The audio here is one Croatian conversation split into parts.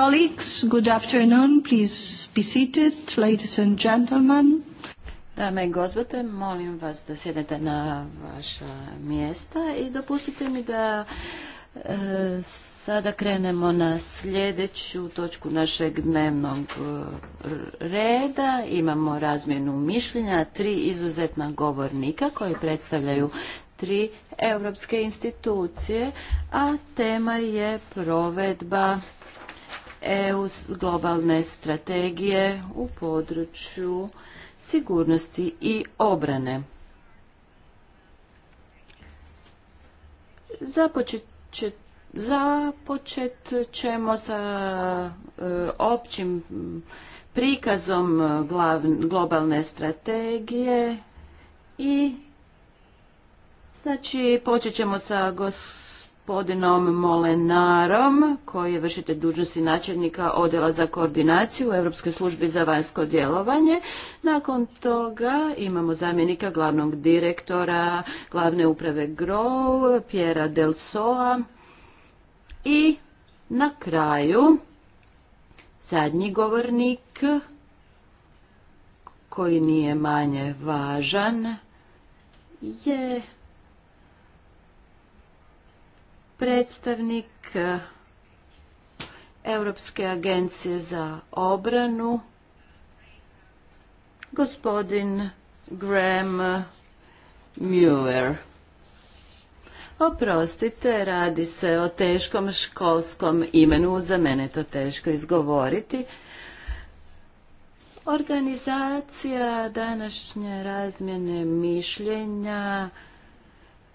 colleagues, good afternoon. Please be seated, ladies and gentlemen. Dame i gospodo. molim vas da sjedete na vaša mjesta i dopustite mi da e, sada krenemo na sljedeću točku našeg dnevnog e, reda. Imamo razmjenu mišljenja tri izuzetna govornika koji predstavljaju tri europske institucije, a tema je provedba EU globalne strategije u području sigurnosti i obrane. Započet ćemo sa e, općim prikazom globalne strategije i znači počet ćemo sa gospodinom gospodinom Molenarom koji je vršite dužnosti načelnika odjela za koordinaciju u Europskoj službi za vanjsko djelovanje. Nakon toga imamo zamjenika glavnog direktora glavne uprave GROW, Pjera Del i na kraju zadnji govornik koji nije manje važan je predstavnik eh, Europske agencije za obranu, gospodin Graham Muir. Oprostite, radi se o teškom školskom imenu, za mene to teško izgovoriti. Organizacija današnje razmjene mišljenja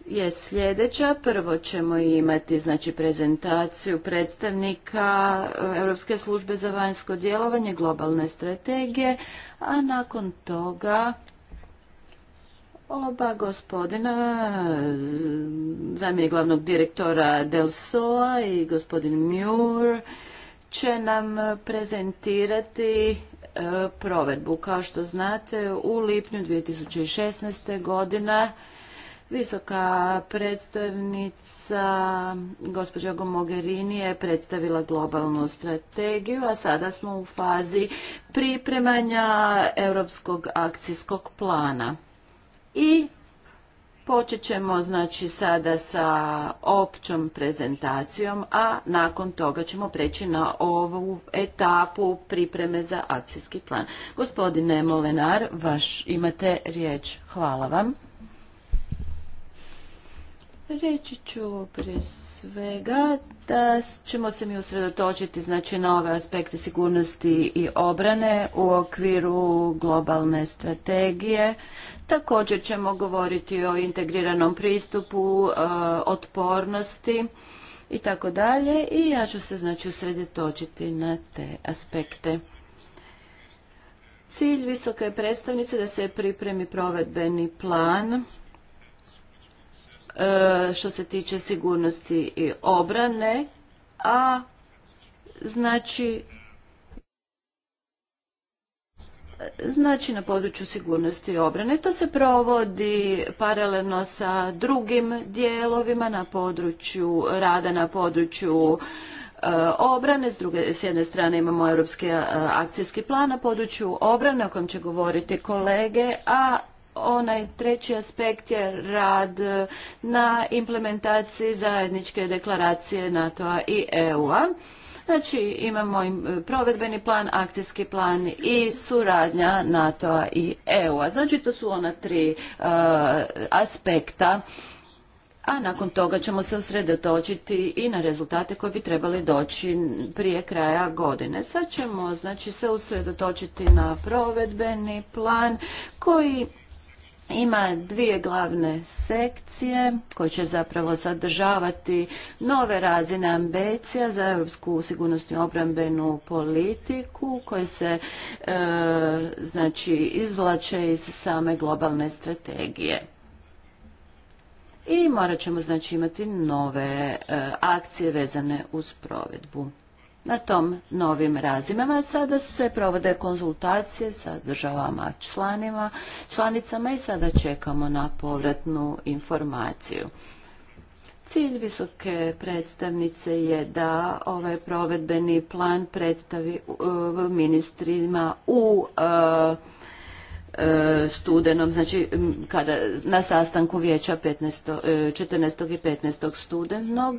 je sljedeća. Prvo ćemo imati znači, prezentaciju predstavnika e, Europske službe za vanjsko djelovanje, globalne strategije, a nakon toga oba gospodina, zamjenik glavnog direktora SOA i gospodin Muir, će nam prezentirati e, provedbu. Kao što znate, u lipnju 2016. godina Visoka predstavnica gospođa Gomogerini je predstavila globalnu strategiju, a sada smo u fazi pripremanja europskog akcijskog plana. I počet ćemo znači sada sa općom prezentacijom, a nakon toga ćemo preći na ovu etapu pripreme za akcijski plan. Gospodine Molenar, vaš imate riječ. Hvala vam. Reći ću prije svega da ćemo se mi usredotočiti znači, na ove aspekte sigurnosti i obrane u okviru globalne strategije. Također ćemo govoriti o integriranom pristupu, e, otpornosti i tako dalje i ja ću se znači usredotočiti na te aspekte. Cilj visoke predstavnice da se pripremi provedbeni plan E, što se tiče sigurnosti i obrane, a znači znači na području sigurnosti i obrane. To se provodi paralelno sa drugim dijelovima na području rada, na području e, obrane. S, s jedne strane imamo europski e, akcijski plan na području obrane o kojem će govoriti kolege, a onaj treći aspekt je rad e, na implementaciji zajedničke deklaracije NATO-a i EU-a. Znači imamo e, provedbeni plan, akcijski plan i suradnja NATO-a i EU-a. Znači to su ona tri e, aspekta a nakon toga ćemo se usredotočiti i na rezultate koji bi trebali doći prije kraja godine. Sad ćemo znači, se usredotočiti na provedbeni plan koji ima dvije glavne sekcije koje će zapravo sadržavati nove razine ambicija za europsku sigurnosnu obrambenu politiku koje se e, znači izvlače iz same globalne strategije. I morat ćemo znači imati nove e, akcije vezane uz provedbu na tom novim razimama. Sada se provode konzultacije sa državama članima, članicama i sada čekamo na povratnu informaciju. Cilj visoke predstavnice je da ovaj provedbeni plan predstavi ministrima u e, E, studenom, znači kada, na sastanku vijeća 15, 14. E, i 15. studenog.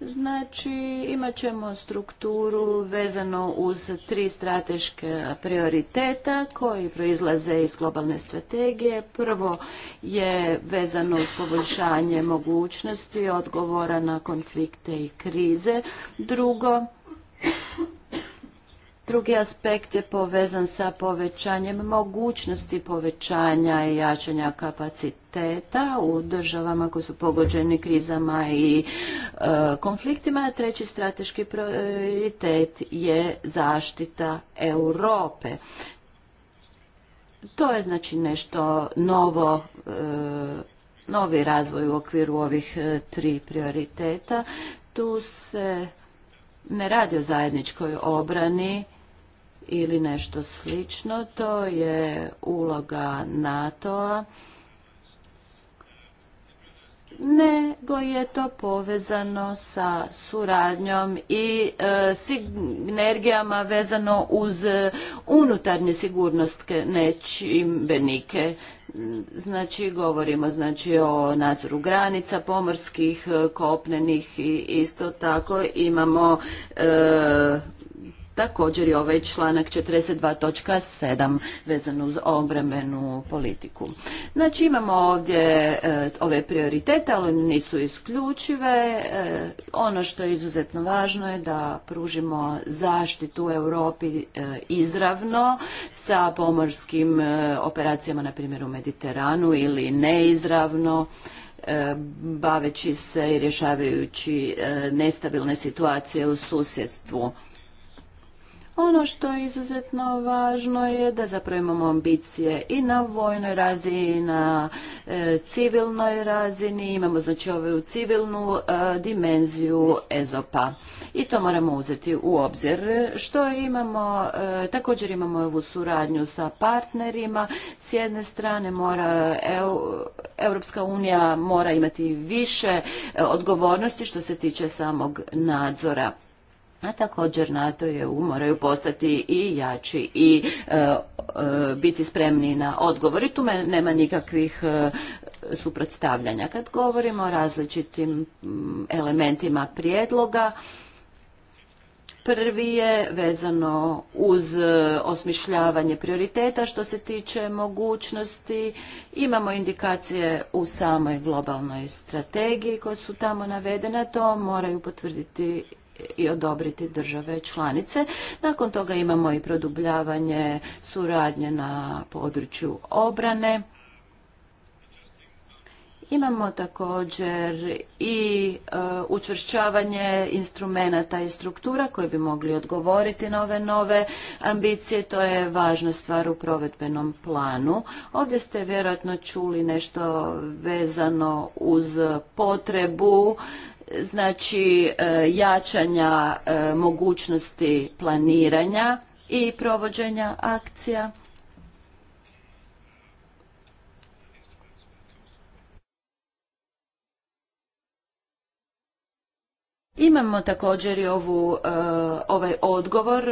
Znači imat ćemo strukturu vezano uz tri strateške prioriteta koji proizlaze iz globalne strategije. Prvo je vezano uz poboljšanje mogućnosti odgovora na konflikte i krize. Drugo, Drugi aspekt je povezan sa povećanjem mogućnosti povećanja i jačanja kapaciteta u državama koje su pogođeni krizama i e, konfliktima. Treći strateški prioritet je zaštita Europe. To je znači nešto novo e, novi razvoj u okviru ovih e, tri prioriteta. Tu se ne radi o zajedničkoj obrani ili nešto slično. To je uloga NATO-a nego je to povezano sa suradnjom i energijama sinergijama vezano uz e, unutarnje sigurnosne nečimbenike. Znači, govorimo znači, o nadzoru granica, pomorskih, e, kopnenih i isto tako imamo e, Također i ovaj članak 42.7 vezan uz obrambenu politiku. Znači imamo ovdje e, ove prioritete, ali nisu isključive. E, ono što je izuzetno važno je da pružimo zaštitu Europi e, izravno sa pomorskim operacijama, na primjer u Mediteranu ili neizravno baveći se i rješavajući nestabilne situacije u susjedstvu ono što je izuzetno važno je da zapravo imamo ambicije i na vojnoj razini i na e, civilnoj razini. Imamo znači ovu civilnu e, dimenziju ezopa. i to moramo uzeti u obzir. Što imamo, e, također imamo ovu suradnju sa partnerima. S jedne strane mora EU, Europska unija mora imati više odgovornosti što se tiče samog nadzora a također NATO je EU moraju postati i jači i e, e, biti spremni na odgovor i tu nema nikakvih e, suprotstavljanja. Kad govorimo o različitim mm, elementima prijedloga, Prvi je vezano uz osmišljavanje prioriteta što se tiče mogućnosti. Imamo indikacije u samoj globalnoj strategiji koje su tamo navedene, to moraju potvrditi i odobriti države članice. Nakon toga imamo i produbljavanje suradnje na području obrane. Imamo također i e, učvršćavanje instrumenata i struktura koji bi mogli odgovoriti na ove nove ambicije. To je važna stvar u provedbenom planu. Ovdje ste vjerojatno čuli nešto vezano uz potrebu znači e, jačanja e, mogućnosti planiranja i provođenja akcija. Imamo također i ovu, e, ovaj odgovor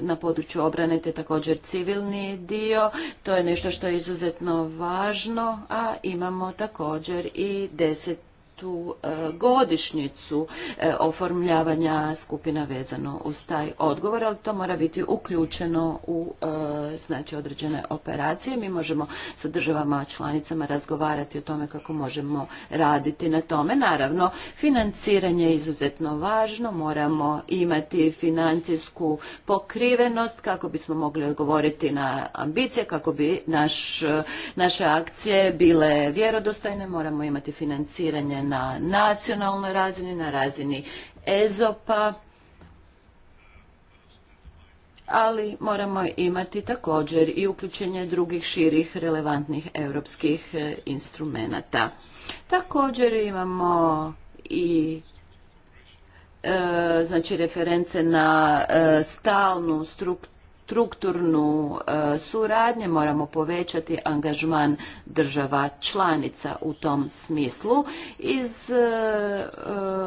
na području obrane, te također civilni dio. To je nešto što je izuzetno važno, a imamo također i deset tu e, godišnjicu e, oformljavanja skupina vezano uz taj odgovor, ali to mora biti uključeno u e, znači određene operacije. Mi možemo sa državama članicama razgovarati o tome kako možemo raditi na tome. Naravno, financiranje je izuzetno važno, moramo imati financijsku pokrivenost kako bismo mogli odgovoriti na ambicije, kako bi naš, naše akcije bile vjerodostojne, moramo imati financiranje na nacionalnoj razini, na razini EZOPA, ali moramo imati također i uključenje drugih širih relevantnih europskih e, instrumenata. Također imamo i e, znači reference na e, stalnu strukturu strukturnu e, suradnju, moramo povećati angažman država članica u tom smislu. Iz e, e,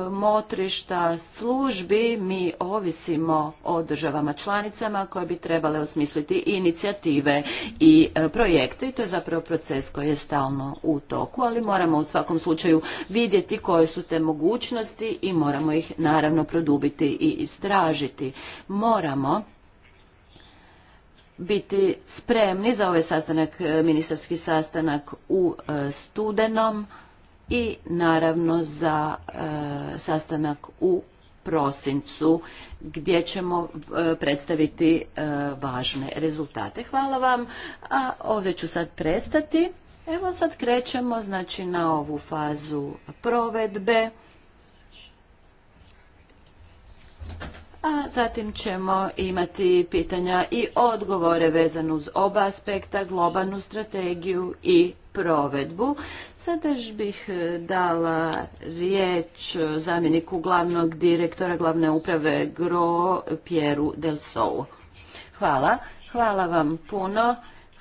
motrišta službi mi ovisimo o državama članicama koje bi trebale osmisliti inicijative i projekte i to je zapravo proces koji je stalno u toku, ali moramo u svakom slučaju vidjeti koje su te mogućnosti i moramo ih naravno produbiti i istražiti. Moramo biti spremni za ovaj sastanak, e, ministarski sastanak u e, studenom i naravno za e, sastanak u prosincu gdje ćemo predstaviti važne rezultate. Hvala vam, a ovdje ću sad prestati. Evo sad krećemo znači na ovu fazu provedbe a zatim ćemo imati pitanja i odgovore vezano uz oba aspekta, globalnu strategiju i provedbu. Sada bih e, dala riječ zamjeniku glavnog direktora glavne uprave GRO Pjeru Del Sou. Hvala. Hvala vam puno.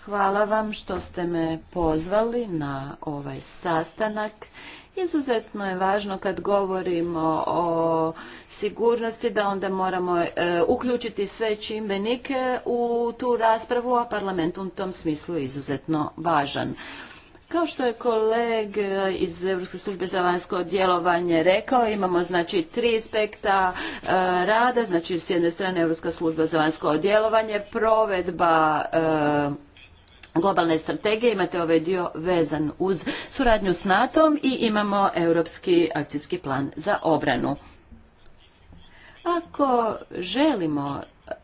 Hvala vam što ste me pozvali na ovaj sastanak Izuzetno je važno kad govorimo o sigurnosti da onda moramo e, uključiti sve čimbenike u tu raspravu, a parlament u tom smislu je izuzetno važan. Kao što je koleg e, iz Europske službe za vanjsko djelovanje rekao, imamo znači tri aspekta e, rada, znači s jedne strane Europska služba za vanjsko djelovanje, provedba globalne strategije, imate ovaj dio vezan uz suradnju s NATO-om i imamo Europski akcijski plan za obranu. Ako želimo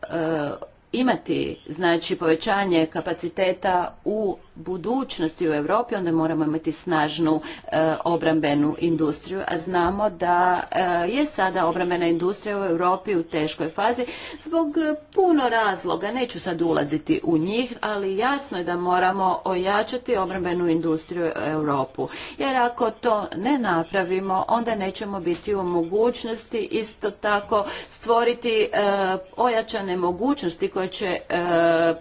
e, imati znači povećanje kapaciteta u budućnosti u Europi onda moramo imati snažnu e, obrambenu industriju a znamo da e, je sada obrambena industrija u Europi u teškoj fazi zbog e, puno razloga neću sad ulaziti u njih ali jasno je da moramo ojačati obrambenu industriju u Europu jer ako to ne napravimo onda nećemo biti u mogućnosti isto tako stvoriti ojačane mogućnosti koje će e,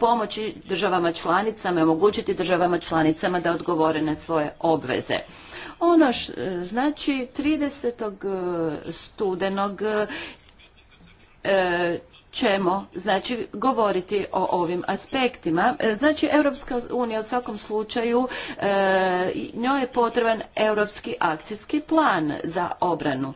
pomoći državama članicama i omogućiti državama članicama da odgovore na svoje obveze. Ono š, e, znači 30. E, studenog ćemo znači govoriti o ovim aspektima. Znači Europska unija u svakom slučaju njoj je potreban europski akcijski plan za obranu.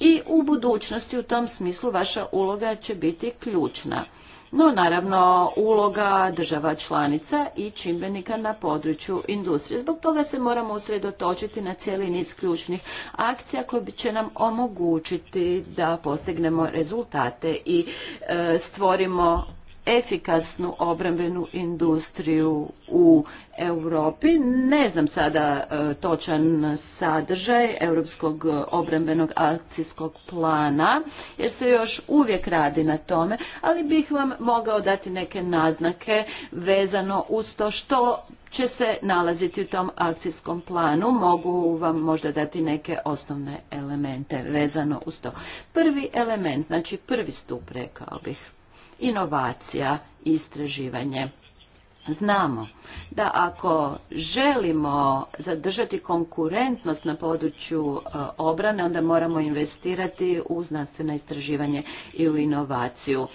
i u budućnosti u tom smislu vaša uloga će biti ključna no naravno uloga država članica i čimbenika na području industrije. Zbog toga se moramo usredotočiti na cijeli niz ključnih akcija koje će nam omogućiti da postignemo rezultate i e, stvorimo efikasnu obrambenu industriju u Europi. Ne znam sada e, točan sadržaj Europskog obrambenog akcijskog plana, jer se još uvijek radi na tome, ali bih vam mogao dati neke naznake vezano uz to što će se nalaziti u tom akcijskom planu. Mogu vam možda dati neke osnovne elemente vezano uz to. Prvi element, znači prvi stup rekao bih inovacija i istraživanje. Znamo da ako želimo zadržati konkurentnost na području e, obrane, onda moramo investirati u znanstveno istraživanje i u inovaciju.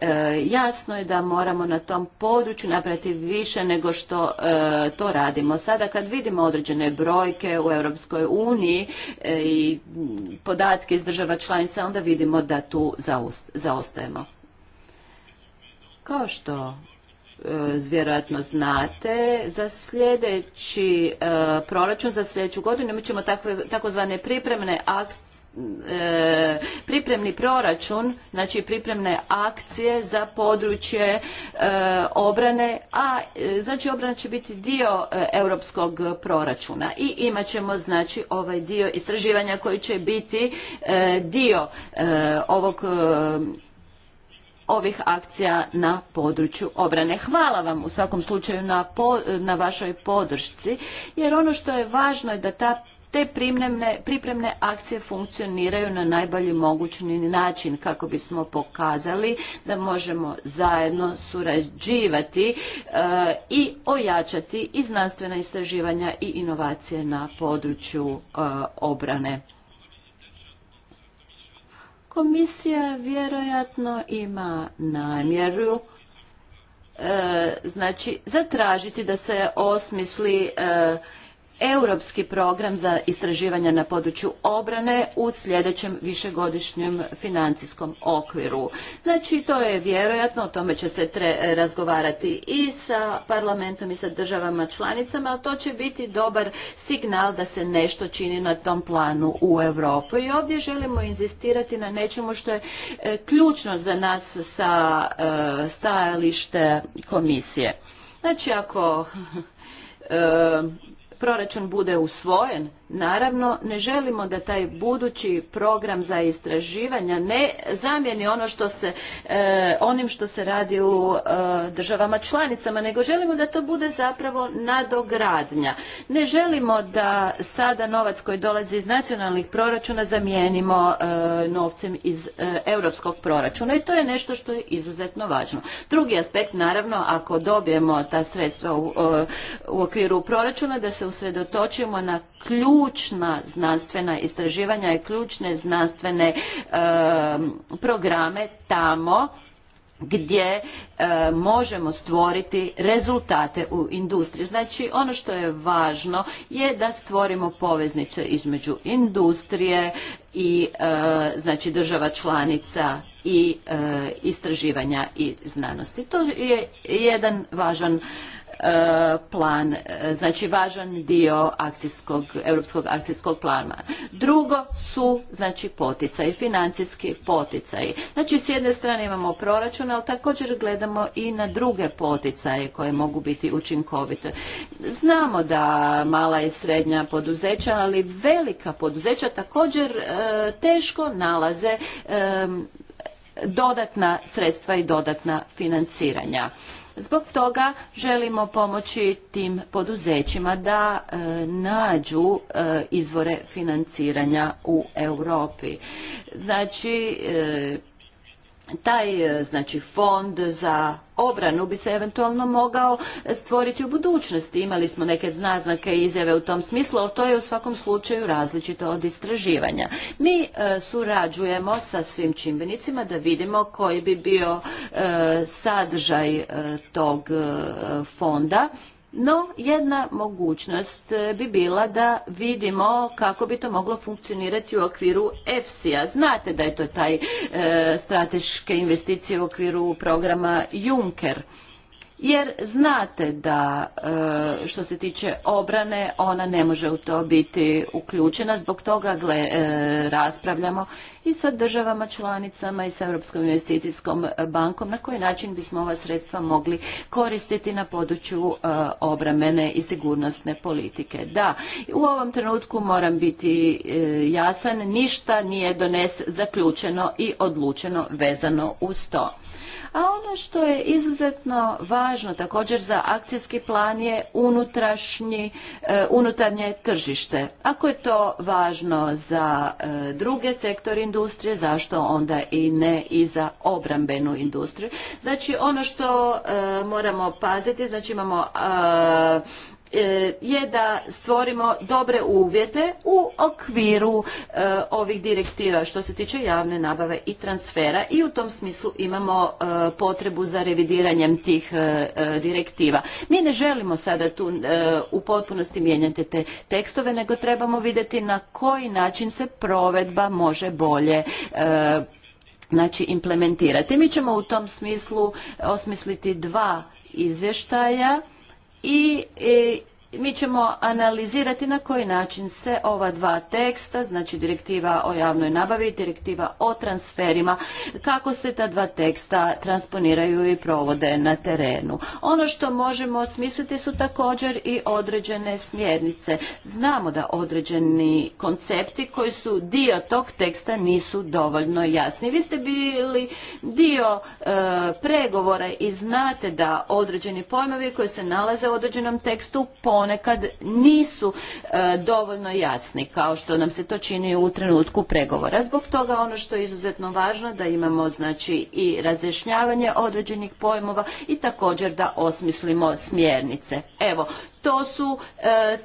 E, jasno je da moramo na tom području napraviti više nego što e, to radimo. Sada kad vidimo određene brojke u Europskoj uniji i podatke iz država članica, onda vidimo da tu zaostajemo. Kao što e, vjerojatno znate, za sljedeći e, proračun, za sljedeću godinu imat ćemo takve, takozvane pripremne e, pripremni proračun, znači pripremne akcije za područje obrane, a znači obrana će biti dio europskog proračuna i imat ćemo znači ovaj dio istraživanja koji će biti dio ovog ovih akcija na području obrane. Hvala vam u svakom slučaju na, vašoj podršci, jer ono što je važno je da ta te pripremne, akcije funkcioniraju na najbolji mogući način kako bismo pokazali da možemo zajedno surađivati e, i ojačati i znanstvena istraživanja i inovacije na području e, obrane komisija vjerojatno ima namjeru e, znači zatražiti da se osmisli e, europski program za istraživanja na području obrane u sljedećem višegodišnjem financijskom okviru. Znači, to je vjerojatno, o tome će se tre, razgovarati i sa parlamentom i sa državama članicama, ali to će biti dobar signal da se nešto čini na tom planu u Europi. I ovdje želimo inzistirati na nečemu što je e, ključno za nas sa e, stajalište komisije. Znači, ako e, proračun bude usvojen Naravno, ne želimo da taj budući program za istraživanja ne zamijeni ono što se, e, onim što se radi u e, državama članicama, nego želimo da to bude zapravo nadogradnja. Ne želimo da sada novac koji dolazi iz nacionalnih proračuna zamijenimo e, novcem iz europskog proračuna i to je nešto što je izuzetno važno. Drugi aspekt, naravno, ako dobijemo ta sredstva u, okviru proračuna, da se usredotočimo na ključ ključna znanstvena istraživanja i ključne znanstvene programe tamo gdje možemo stvoriti rezultate u industriji. Znači ono što je važno je da stvorimo poveznice između industrije i znači država članica i istraživanja i znanosti. To je jedan važan E, plan, e, znači važan dio akcijskog, europskog akcijskog plana. Drugo su znači poticaji, financijski poticaji. Znači s jedne strane imamo proračun, ali također gledamo i na druge poticaje koje mogu biti učinkovite. Znamo da mala i srednja poduzeća, ali velika poduzeća također e, teško nalaze dodatna sredstva i dodatna financiranja. Zbog toga želimo pomoći tim poduzećima da e, nađu e, izvore financiranja u Europi. Znači, e, taj e, znači fond za obranu bi se eventualno mogao stvoriti u budućnosti. Imali smo neke naznake i izjave u tom smislu, ali to je u svakom slučaju različito od istraživanja. Mi e, surađujemo sa svim čimbenicima da vidimo koji bi bio e, sadržaj tog fonda no, jedna mogućnost e, bi bila da vidimo kako bi to moglo funkcionirati u okviru EFSI-a. Znate da je to taj e, strateške investicije u okviru programa Juncker jer znate da e, što se tiče obrane ona ne može u to biti uključena zbog toga gle, e, raspravljamo i sa državama članicama i sa Europskom investicijskom bankom na koji način bismo ova sredstva mogli koristiti na području e, obramene i sigurnosne politike. Da, u ovom trenutku moram biti jasan, ništa nije dones zaključeno i odlučeno vezano uz to. A ono što je izuzetno važno također za akcijski plan je unutrašnji, e, unutarnje tržište. Ako je to važno za e, druge sektore industrije, zašto onda i ne i za obrambenu industriju? Znači ono što e, moramo paziti, znači imamo E, je da stvorimo dobre uvjete u okviru e, ovih direktiva što se tiče javne nabave i transfera i u tom smislu imamo e, potrebu za revidiranjem tih direktiva. Mi ne želimo sada tu u potpunosti mijenjati te tekstove nego trebamo vidjeti na koji način se provedba može bolje znači implementirati. Mi ćemo u tom smislu osmisliti dva izvještaja i, mi ćemo analizirati na koji način se ova dva teksta, znači direktiva o javnoj nabavi i direktiva o transferima, kako se ta dva teksta transponiraju i provode na terenu. Ono što možemo smisliti su također i određene smjernice. Znamo da određeni koncepti koji su dio tog teksta nisu dovoljno jasni. Vi ste bili dio e, pregovora i znate da određeni pojmovi koji se nalaze u određenom tekstu ponekad nisu e, dovoljno jasni kao što nam se to čini u trenutku pregovora. Zbog toga ono što je izuzetno važno da imamo znači i razjašnjavanje određenih pojmova i također da osmislimo smjernice. Evo, to su e,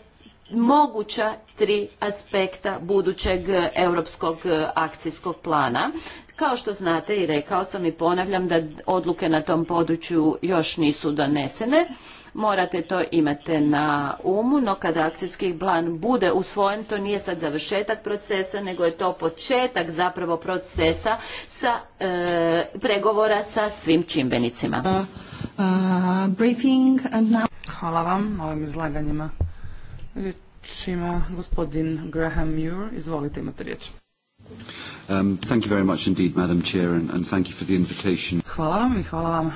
moguća tri aspekta budućeg e, europskog akcijskog plana. Kao što znate i rekao sam i ponavljam da odluke na tom području još nisu donesene morate to imate na umu, no kada akcijski plan bude usvojen, to nije sad završetak procesa, nego je to početak zapravo procesa sa e, pregovora sa svim čimbenicima. Uh, uh, uh, hvala vam na ovim izlaganjima. Riječ ima gospodin Graham Muir. Izvolite, imate riječ. Um, thank you very much indeed, Madam Chair, and, thank you for the invitation. Hvala vam i hvala vam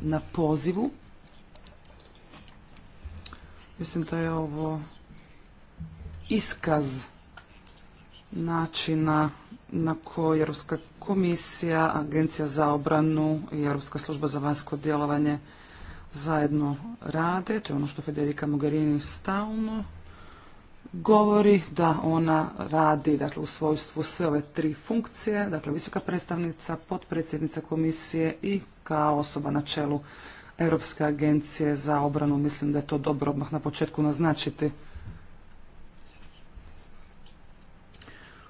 na pozivu. Mislim da je ovo iskaz načina na koji Europska komisija, Agencija za obranu i Europska služba za vanjsko djelovanje zajedno rade. To je ono što Federica Mogherini stalno govori da ona radi dakle, u svojstvu sve ove tri funkcije, dakle visoka predstavnica, potpredsjednica komisije i kao osoba na čelu Europske agencije za obranu. Mislim da je to dobro odmah na početku naznačiti.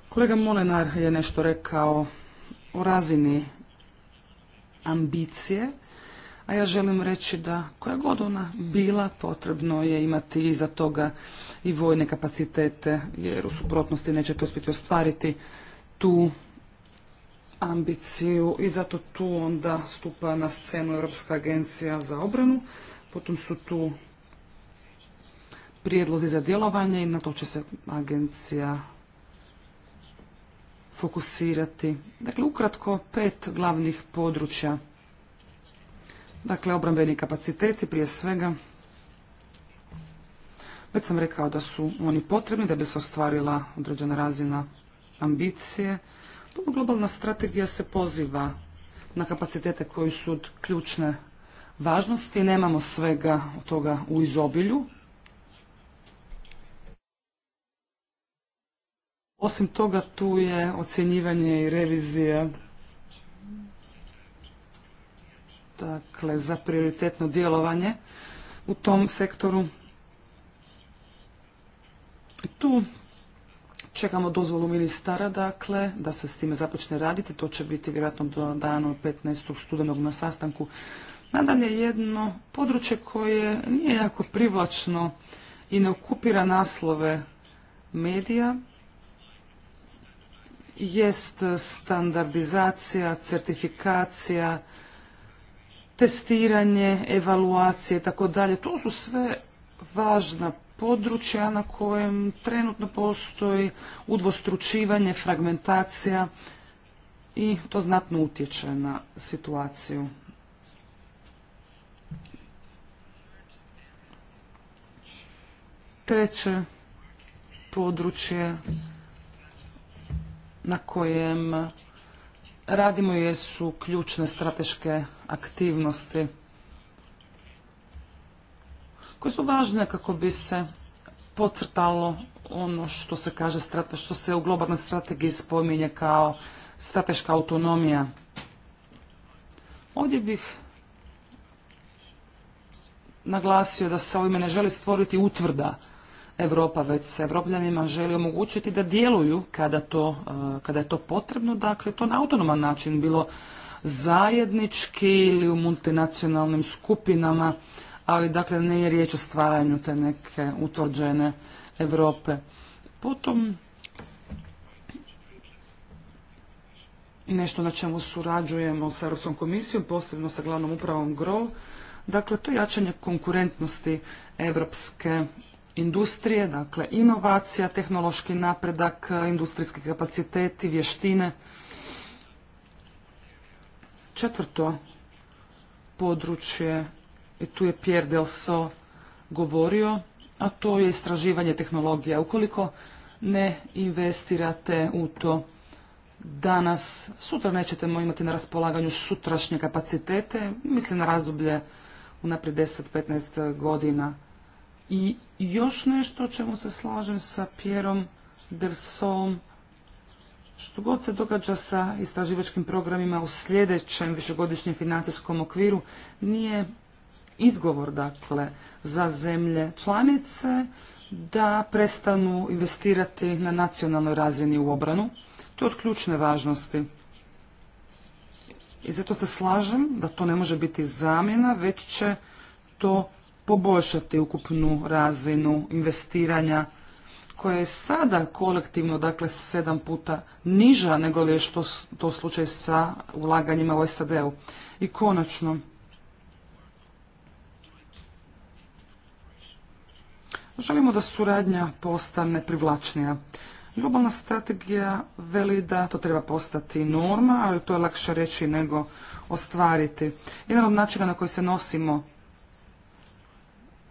Kolega Molenar je nešto rekao o razini ambicije, a ja želim reći da koja god ona bila, potrebno je imati iza toga i vojne kapacitete, jer u suprotnosti nećete uspjeti ostvariti tu ambiciju i zato tu onda stupa na scenu Europska agencija za obranu. Potom su tu prijedlozi za djelovanje i na to će se agencija fokusirati. Dakle, ukratko pet glavnih područja. Dakle, obrambeni kapaciteti prije svega. Već sam rekao da su oni potrebni da bi se ostvarila određena razina ambicije globalna strategija se poziva na kapacitete koji su od ključne važnosti. Nemamo svega toga u izobilju. Osim toga tu je ocjenjivanje i revizija dakle, za prioritetno djelovanje u tom sektoru. Tu Čekamo dozvolu ministara, dakle, da se s time započne raditi. To će biti vjerojatno do dana 15. studenog na sastanku. Nadalje jedno područje koje nije jako privlačno i ne okupira naslove medija jest standardizacija, certifikacija, testiranje, evaluacije i tako dalje. To su sve važna područja na kojem trenutno postoji udvostručivanje, fragmentacija i to znatno utječe na situaciju. Treće područje na kojem radimo jesu ključne strateške aktivnosti koje su važne kako bi se pocrtalo ono što se kaže, što se u globalnoj strategiji spominje kao strateška autonomija. Ovdje bih naglasio da se ovime ne želi stvoriti utvrda Europa, već se Evropljanima želi omogućiti da djeluju kada, to, e, kada je to potrebno, dakle to na autonoman način, bilo zajednički ili u multinacionalnim skupinama, ali dakle je riječ o stvaranju te neke utvrđene Europe. Potom nešto na čemu surađujemo sa Europskom komisijom, posebno sa glavnom upravom GRO, dakle to je jačanje konkurentnosti europske industrije, dakle inovacija, tehnološki napredak, industrijski kapaciteti, vještine. Četvrto područje i e, tu je Pierre Delso govorio, a to je istraživanje tehnologija. Ukoliko ne investirate u to danas, sutra nećete imati na raspolaganju sutrašnje kapacitete, mislim na razdoblje unaprijed 10-15 godina. I još nešto o čemu se slažem sa Pierom Delsom, što god se događa sa istraživačkim programima u sljedećem višegodišnjem financijskom okviru, nije izgovor dakle za zemlje članice da prestanu investirati na nacionalnoj razini u obranu. To je od ključne važnosti. I zato se slažem da to ne može biti zamjena, već će to poboljšati ukupnu razinu investiranja koja je sada kolektivno, dakle, sedam puta niža nego li je što to slučaj sa ulaganjima u SAD-u. I konačno, Želimo da suradnja postane privlačnija. Globalna strategija veli da to treba postati norma, ali to je lakše reći nego ostvariti. Jedan od načina na koji se nosimo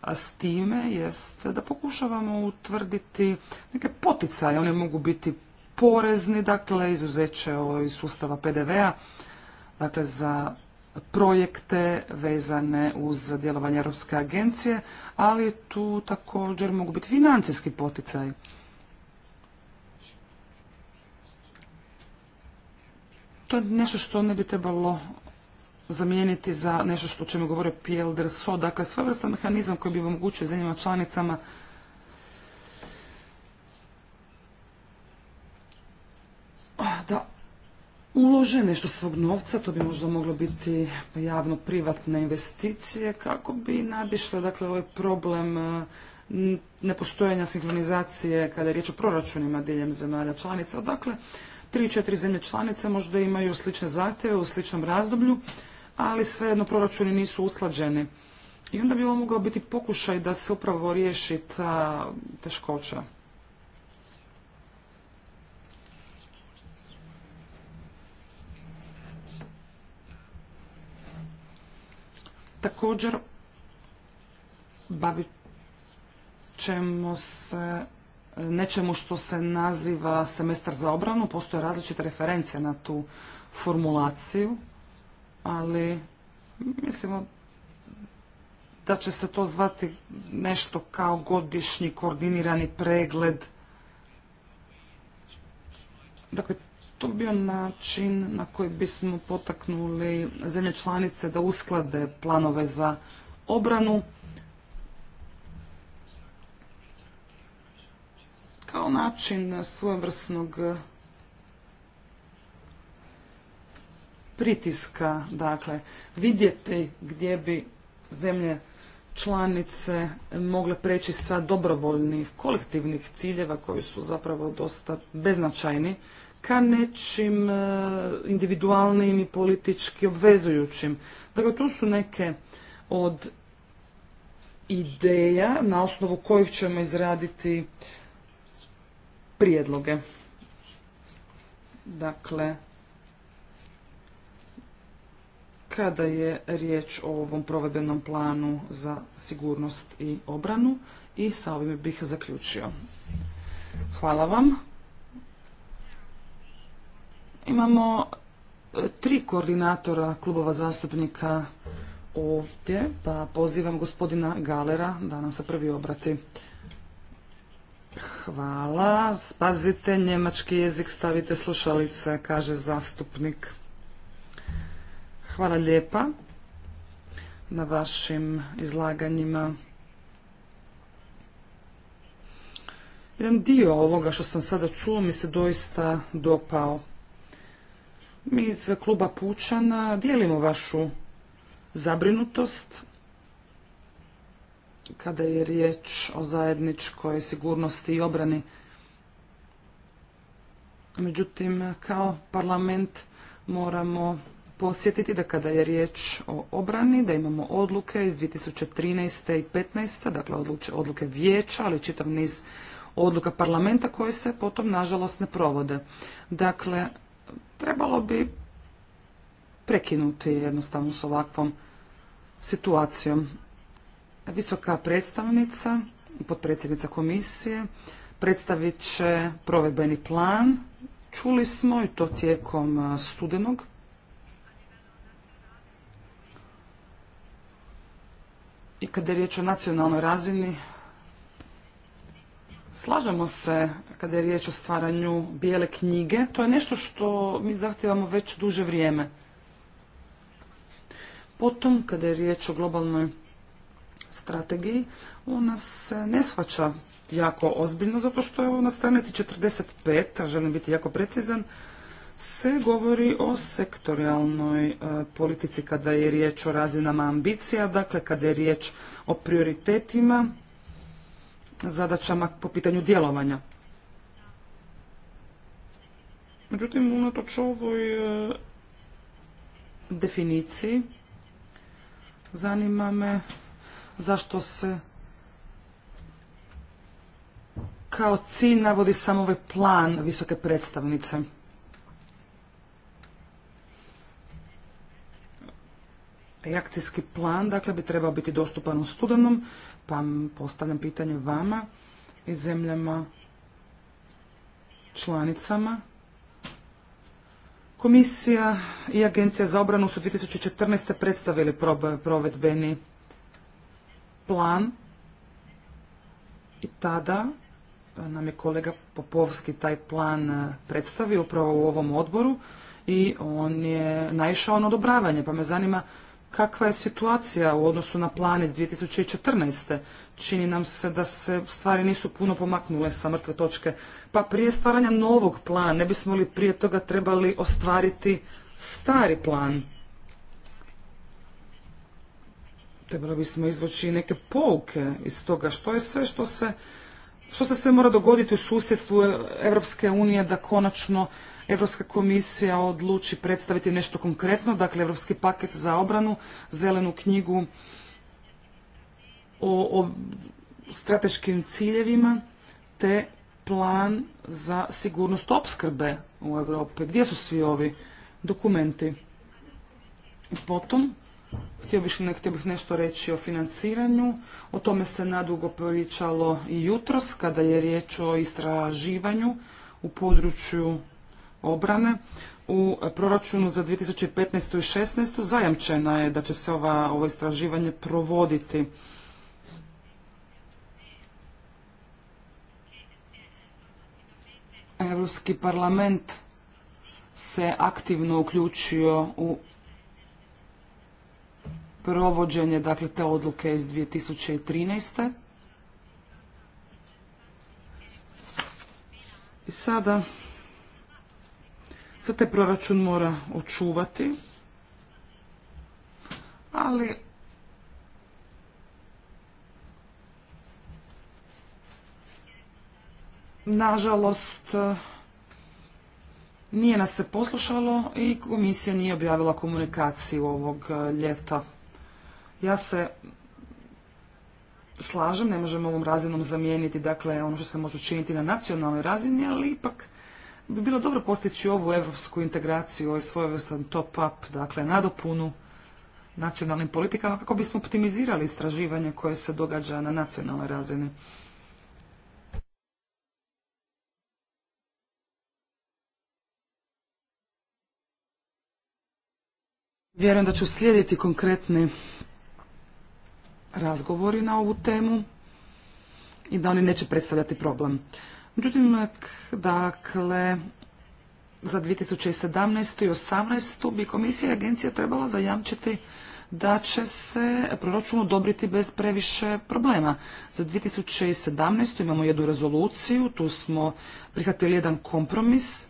s time jest da pokušavamo utvrditi neke poticaje. Oni mogu biti porezni, dakle, izuzeće iz sustava PDV-a, dakle, za projekte vezane uz djelovanje Europske agencije, ali tu također mogu biti financijski poticaj. To je nešto što ne bi trebalo zamijeniti za nešto što čemu govore PLDRSO, dakle dakle vrsta mehanizam koji bi omogućio zemljama članicama da ulože nešto svog novca, to bi možda moglo biti javno-privatne investicije kako bi nabišle dakle, ovaj problem e, nepostojanja sinkronizacije kada je riječ o proračunima diljem zemalja članica. Dakle, tri, četiri zemlje članice možda imaju slične zahtjeve u sličnom razdoblju, ali svejedno proračuni nisu usklađeni. I onda bi ovo mogao biti pokušaj da se upravo riješi ta teškoća. Također, bavit ćemo se nečemu što se naziva semestar za obranu. Postoje različite reference na tu formulaciju, ali mislimo da će se to zvati nešto kao godišnji koordinirani pregled. Dakle, to bio način na koji bismo potaknuli zemlje članice da usklade planove za obranu kao način svojevrsnog pritiska, dakle, vidjeti gdje bi zemlje članice mogle preći sa dobrovoljnih kolektivnih ciljeva koji su zapravo dosta beznačajni ka nečim e, individualnim i politički obvezujućim. Dakle, tu su neke od ideja na osnovu kojih ćemo izraditi prijedloge. Dakle, kada je riječ o ovom provedbenom planu za sigurnost i obranu i sa ovim bih zaključio. Hvala vam. Imamo e, tri koordinatora klubova zastupnika ovdje, pa pozivam gospodina Galera da nam se prvi obrati. Hvala. Spazite njemački jezik, stavite slušalice, kaže zastupnik. Hvala lijepa na vašim izlaganjima. Jedan dio ovoga što sam sada čuo mi se doista dopao. Mi iz kluba Pučana dijelimo vašu zabrinutost kada je riječ o zajedničkoj sigurnosti i obrani. Međutim, kao parlament moramo podsjetiti da kada je riječ o obrani, da imamo odluke iz 2013. i 2015. dakle odluke vijeća, ali čitav niz odluka parlamenta koje se potom, nažalost, ne provode. Dakle, trebalo bi prekinuti jednostavno s ovakvom situacijom. Visoka predstavnica, potpredsjednica komisije, predstavit će provedbeni plan. Čuli smo i to tijekom studenog. I kada je riječ o nacionalnoj razini, Slažemo se kada je riječ o stvaranju bijele knjige. To je nešto što mi zahtijevamo već duže vrijeme. Potom, kada je riječ o globalnoj strategiji, ona se ne shvaća jako ozbiljno, zato što je na stranici 45, a želim biti jako precizan, se govori o sektorijalnoj e, politici kada je riječ o razinama ambicija, dakle kada je riječ o prioritetima zadaćama po pitanju djelovanja. Međutim, unatoč ovoj e, definiciji zanima me zašto se kao cilj navodi samo ovaj plan visoke predstavnice. I akcijski plan, dakle, bi trebao biti dostupan u studenom, pa postavljam pitanje vama i zemljama članicama. Komisija i Agencija za obranu su 2014. predstavili provedbeni plan i tada nam je kolega Popovski taj plan e, predstavio upravo u ovom odboru i on je naišao na odobravanje, pa me zanima kakva je situacija u odnosu na plan iz 2014. Čini nam se da se stvari nisu puno pomaknule sa mrtve točke. Pa prije stvaranja novog plana ne bismo li prije toga trebali ostvariti stari plan? Trebali bismo izvući neke pouke iz toga što je sve što se što se sve mora dogoditi u susjedstvu Europske unije da konačno Europska komisija odluči predstaviti nešto konkretno, dakle Europski paket za obranu, zelenu knjigu o, strateškim ciljevima te plan za sigurnost opskrbe u Europi. Gdje su svi ovi dokumenti? Potom, htio bih, htio bih nešto reći o financiranju. O tome se nadugo pričalo i jutros kada je riječ o istraživanju u području obrane u proračunu za 2015. i 2016. zajamčena je da će se ova, ovo istraživanje provoditi. Europski parlament se aktivno uključio u provođenje dakle, te odluke iz 2013. I sada se taj proračun mora očuvati, ali nažalost eh, nije nas se poslušalo i komisija nije objavila komunikaciju ovog eh, ljeta. Ja se slažem, ne možemo ovom razinom zamijeniti dakle ono što se može učiniti na nacionalnoj razini, ali ipak bi bilo dobro postići ovu evropsku integraciju, ovaj svojevrstan top-up, dakle nadopunu nacionalnim politikama kako bismo optimizirali istraživanje koje se događa na nacionalnoj razini. Vjerujem da ću slijediti konkretni razgovori na ovu temu i da oni neće predstavljati problem. Međutim, dakle, za 2017. i 2018. bi komisija i agencija trebala zajamčiti da će se proračun odobriti bez previše problema. Za 2017. imamo jednu rezoluciju, tu smo prihvatili jedan kompromis,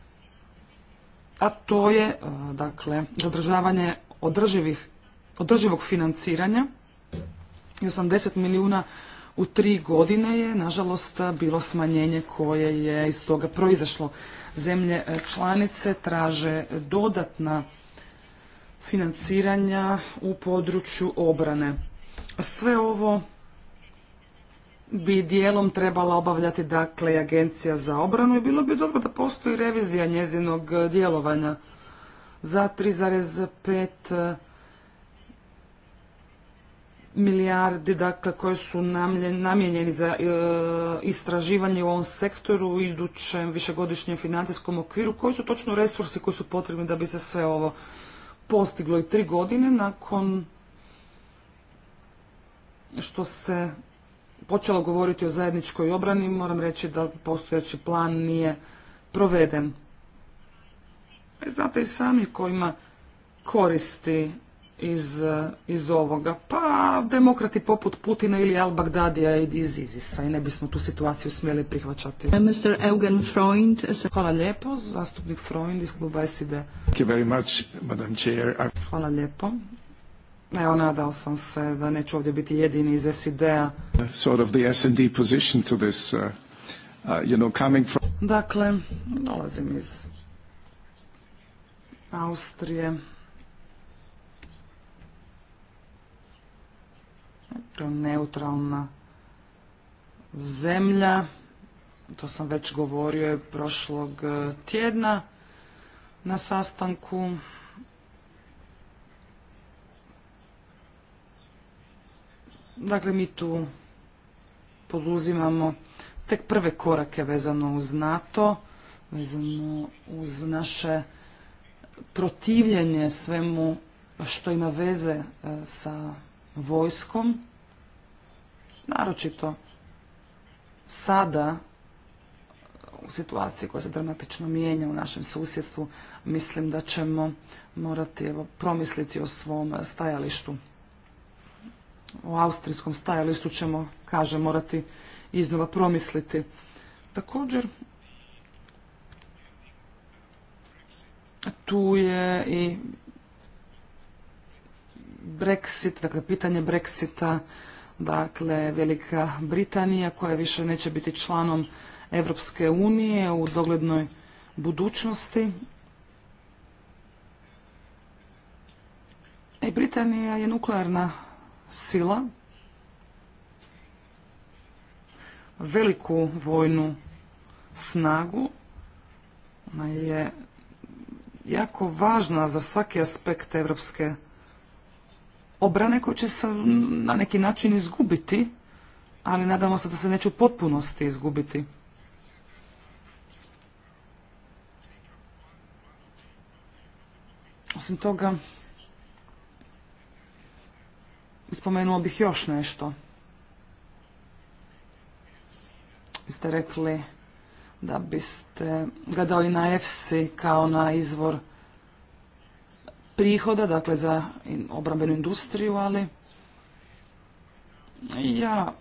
a to je e, dakle, zadržavanje održivih, održivog financiranja i 80 milijuna u tri godine je, nažalost, bilo smanjenje koje je iz toga proizašlo. Zemlje e, članice traže dodatna financiranja u području obrane. Sve ovo bi dijelom trebala obavljati dakle Agencija za obranu i bilo bi dobro da postoji revizija njezinog djelovanja za 3,5 milijardi dakle, koje su namijenjeni za e, istraživanje u ovom sektoru u idućem višegodišnjem financijskom okviru, koji su točno resursi koji su potrebni da bi se sve ovo postiglo i tri godine nakon što se počelo govoriti o zajedničkoj obrani, moram reći da postojeći plan nije proveden. Znate i sami kojima koristi iz, iz ovoga. Pa demokrati poput Putina ili Al Bagdadija iz Izisa i ne bismo tu situaciju smjeli prihvaćati. Uh, Mr. Eugen Freund. Hvala lijepo, zastupnik Freund iz kluba SID. Thank you very much, Madam Chair. Hvala lijepo. Evo, nadao sam se da neću ovdje biti jedini iz SID-a. Sort of the S&D position to this, uh, uh, you know, coming from... Dakle, dolazim iz Austrije. neutralna zemlja. To sam već govorio je prošlog e, tjedna na sastanku. Dakle, mi tu poduzimamo tek prve korake vezano uz NATO, vezano uz naše protivljenje svemu što ima veze e, sa vojskom, naročito sada u situaciji koja se dramatično mijenja u našem susjedstvu, mislim da ćemo morati evo, promisliti o svom stajalištu. O austrijskom stajalištu ćemo, kaže morati iznova promisliti. Također, tu je i Brexit, dakle pitanje Brexita, dakle Velika Britanija koja više neće biti članom Evropske unije u doglednoj budućnosti. I e, Britanija je nuklearna sila, veliku vojnu snagu. Ona je jako važna za svaki aspekt evropske obrane koje će se na neki način izgubiti, ali nadamo se da se neće u potpunosti izgubiti. Osim toga, spomenuo bih još nešto. Vi ste rekli da biste gledali na EFSI kao na izvor prihoda, dakle za obrambenu industriju, ali ja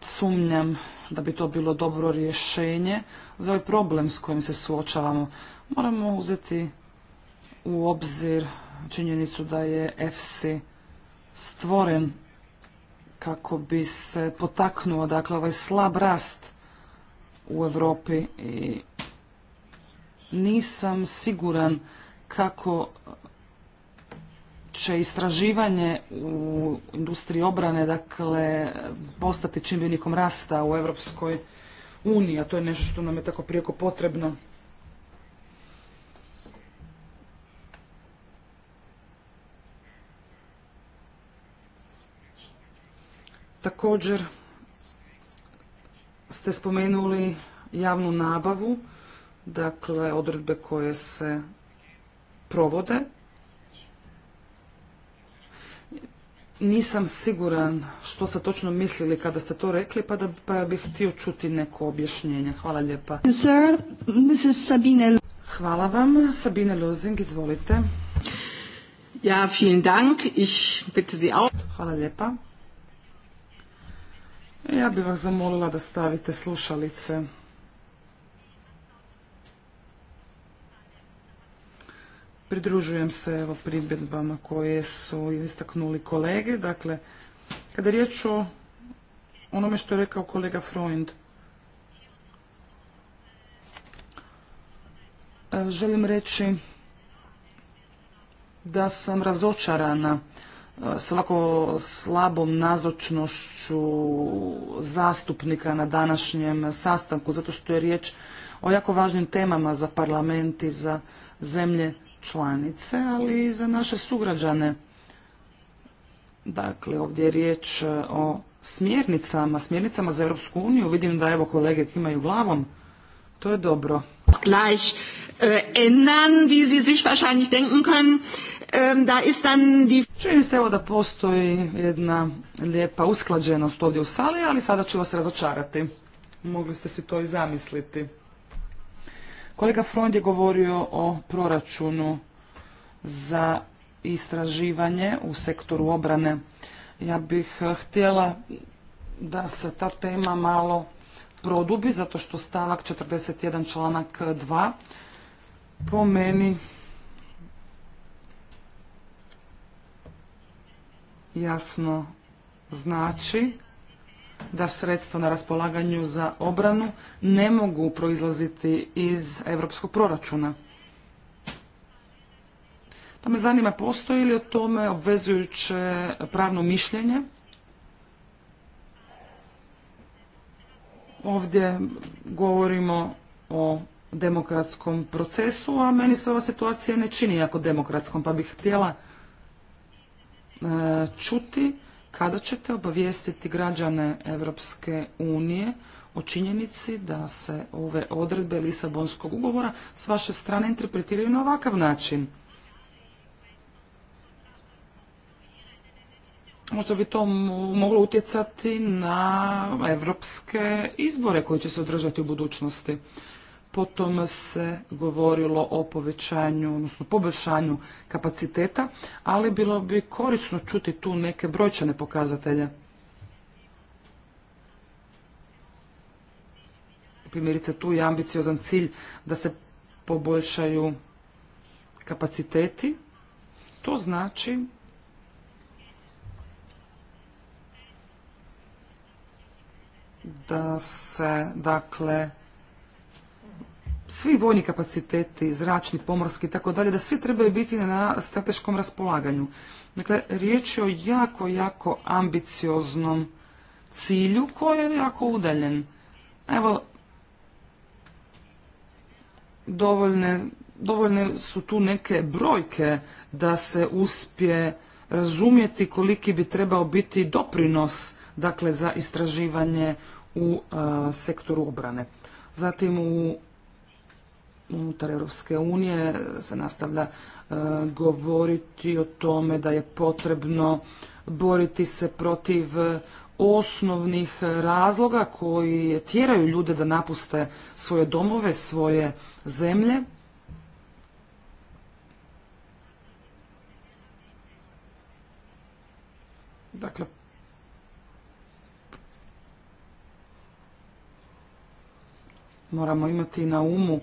sumnjam da bi to bilo dobro rješenje za ovaj problem s kojim se suočavamo. Moramo uzeti u obzir činjenicu da je EFSI stvoren kako bi se potaknuo dakle ovaj slab rast u Europi i nisam siguran kako će istraživanje u industriji obrane dakle postati čimbenikom rasta u Europskoj uniji, a to je nešto što nam je tako prijeko potrebno. Također ste spomenuli javnu nabavu dakle odredbe koje se provode. Nisam siguran što ste točno mislili kada ste to rekli, pa, da, pa bih htio čuti neko objašnjenje. Hvala lijepa. Hvala vam. Sabine Lozing, izvolite. Ja, vielen Dank. Ich bitte Sie auch. Hvala lijepa. Ja bih vas zamolila da stavite slušalice. Pridružujem se evo primjedbama koje su istaknuli kolege. Dakle, kada je riječ o onome što je rekao kolega Freund, e, želim reći da sam razočarana e, s ovako slabom nazočnošću zastupnika na današnjem sastanku, zato što je riječ o jako važnim temama za parlament i za zemlje članice, ali i za naše sugrađane. Dakle, ovdje je riječ e, o smjernicama, smjernicama za Europsku uniju. Vidim da evo kolege imaju glavom. To je dobro. Gleich e, ändern, wie Sie sich wahrscheinlich denken können. E, da ist se evo da postoji jedna lijepa usklađenost ovdje u sali, ali sada ću vas razočarati. Mogli ste si to i zamisliti. Kolega Freund je govorio o proračunu za istraživanje u sektoru obrane. Ja bih eh, htjela da se ta tema malo produbi, zato što stavak 41 članak 2 po meni jasno znači da sredstva na raspolaganju za obranu ne mogu proizlaziti iz europskog proračuna. Pa me zanima postoji li o tome obvezujuće pravno mišljenje? Ovdje govorimo o demokratskom procesu, a meni se ova situacija ne čini jako demokratskom, pa bih htjela e, čuti kada ćete obavijestiti građane Europske unije o činjenici da se ove odredbe Lisabonskog ugovora s vaše strane interpretiraju na ovakav način? Možda bi to moglo utjecati na europske izbore koji će se održati u budućnosti potom se govorilo o povećanju, odnosno poboljšanju kapaciteta, ali bilo bi korisno čuti tu neke brojčane pokazatelje. Primjerice, tu je ambiciozan cilj da se poboljšaju kapaciteti. To znači da se, dakle, svi vojni kapaciteti, zračni, pomorski i tako dalje, da svi trebaju biti na strateškom raspolaganju. Dakle, riječ je o jako, jako ambicioznom cilju koji je jako udaljen. Evo, dovoljne, dovoljne su tu neke brojke da se uspije razumjeti koliki bi trebao biti doprinos dakle, za istraživanje u sektoru obrane. Zatim u unutar Europske unije se nastavlja e, govoriti o tome da je potrebno boriti se protiv osnovnih razloga koji tjeraju ljude da napuste svoje domove, svoje zemlje. Dakle, moramo imati na umu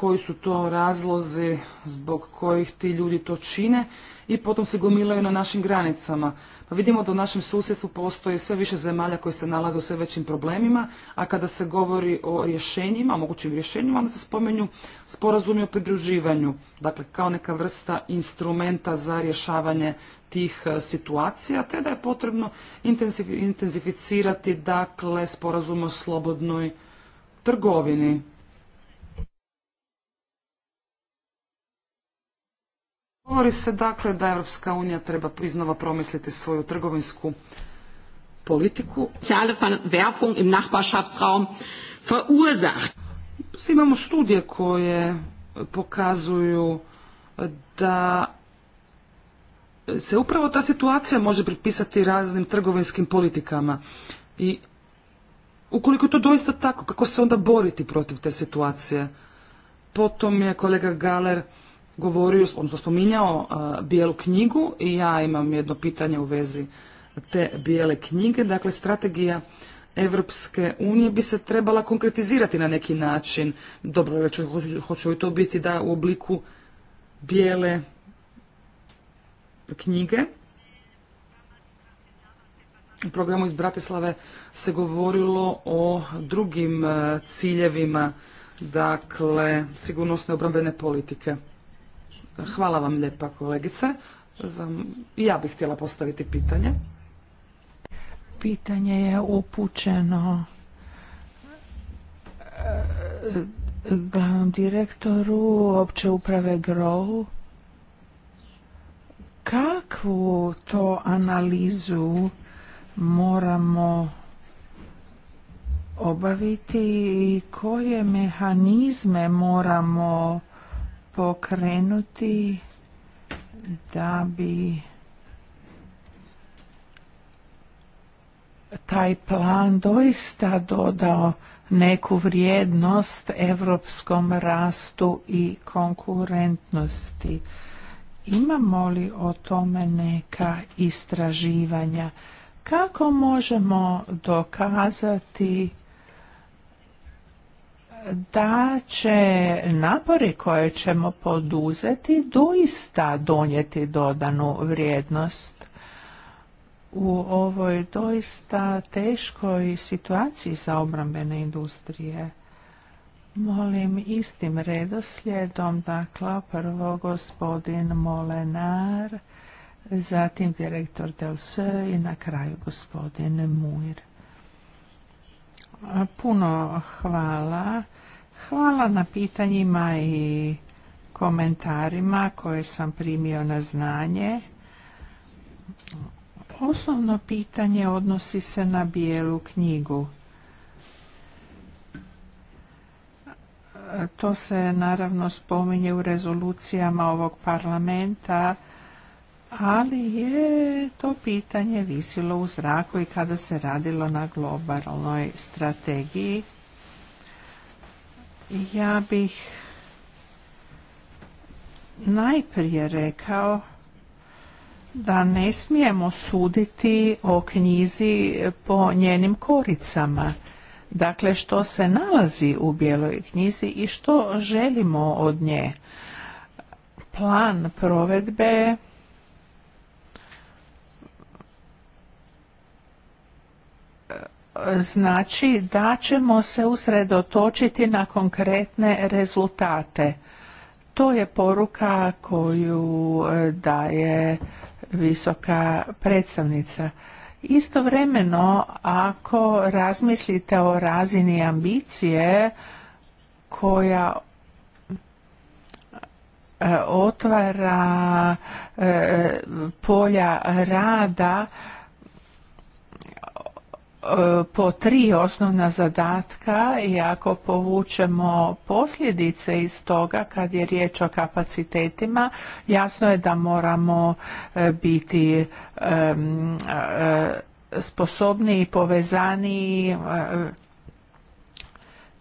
koji su to razlozi zbog kojih ti ljudi to čine i potom se gomilaju na našim granicama. Pa vidimo da u našem susjedstvu postoji sve više zemalja koje se nalaze u sve većim problemima, a kada se govori o rješenjima, mogućim rješenjima, onda se spomenju sporazumi o pridruživanju, dakle kao neka vrsta instrumenta za rješavanje tih e, situacija, te da je potrebno intenzificirati dakle sporazum o slobodnoj trgovini. Govori se dakle da Europska unija treba iznova promisliti svoju trgovinsku politiku. verfung im Nachbarschaftsraum verursacht. Imamo studije koje pokazuju da se upravo ta situacija može pripisati raznim trgovinskim politikama. I ukoliko je to doista tako, kako se onda boriti protiv te situacije? Potom je kolega Galer govorio, odnosno spominjao uh, bijelu knjigu i ja imam jedno pitanje u vezi te bijele knjige. Dakle, strategija Evropske unije bi se trebala konkretizirati na neki način. Dobro, već hoću li to biti da u obliku bijele knjige. U programu iz Bratislave se govorilo o drugim uh, ciljevima, dakle, sigurnosne obrambene politike. Hvala vam lijepa kolegice. Ja bih htjela postaviti pitanje. Pitanje je upućeno e, glavnom direktoru opće uprave grohu Kakvu to analizu moramo obaviti i koje mehanizme moramo pokrenuti da bi taj plan doista dodao neku vrijednost europskom rastu i konkurentnosti. Imamo li o tome neka istraživanja? Kako možemo dokazati da će napori koje ćemo poduzeti doista donijeti dodanu vrijednost u ovoj doista teškoj situaciji za obrambene industrije. Molim istim redoslijedom, dakle, prvo gospodin Molenar, zatim direktor Delse i na kraju gospodin Muir. Puno hvala. Hvala na pitanjima i komentarima koje sam primio na znanje. Osnovno pitanje odnosi se na bijelu knjigu. To se naravno spominje u rezolucijama ovog parlamenta ali je to pitanje visilo u zraku i kada se radilo na globalnoj strategiji. Ja bih najprije rekao da ne smijemo suditi o knjizi po njenim koricama. Dakle, što se nalazi u bijeloj knjizi i što želimo od nje. Plan provedbe znači da ćemo se usredotočiti na konkretne rezultate. To je poruka koju e, daje visoka predstavnica. Istovremeno, ako razmislite o razini ambicije koja e, otvara e, polja rada po tri osnovna zadatka i ako povučemo posljedice iz toga kad je riječ o kapacitetima, jasno je da moramo e, biti e, sposobniji i povezaniji. E,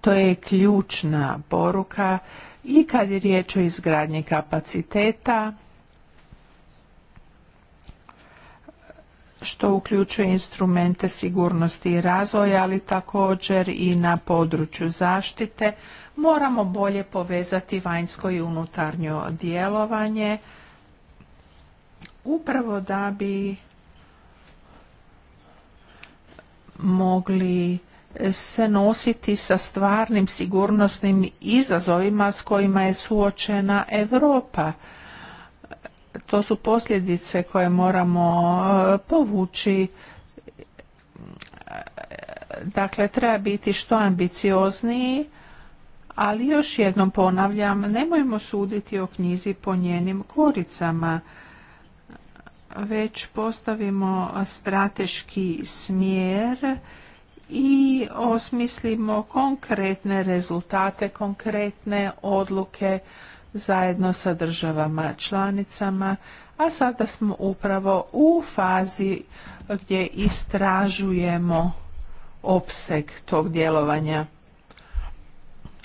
to je ključna poruka i kad je riječ o izgradnji kapaciteta, što uključuje instrumente sigurnosti i razvoja, ali također i na području zaštite, moramo bolje povezati vanjsko i unutarnjo djelovanje, upravo da bi mogli se nositi sa stvarnim sigurnosnim izazovima s kojima je suočena Europa to su posljedice koje moramo e, povući e, dakle treba biti što ambiciozniji ali još jednom ponavljam nemojmo suditi o knjizi po njenim koricama već postavimo strateški smjer i osmislimo konkretne rezultate konkretne odluke zajedno sa državama članicama, a sada smo upravo u fazi gdje istražujemo opseg tog djelovanja.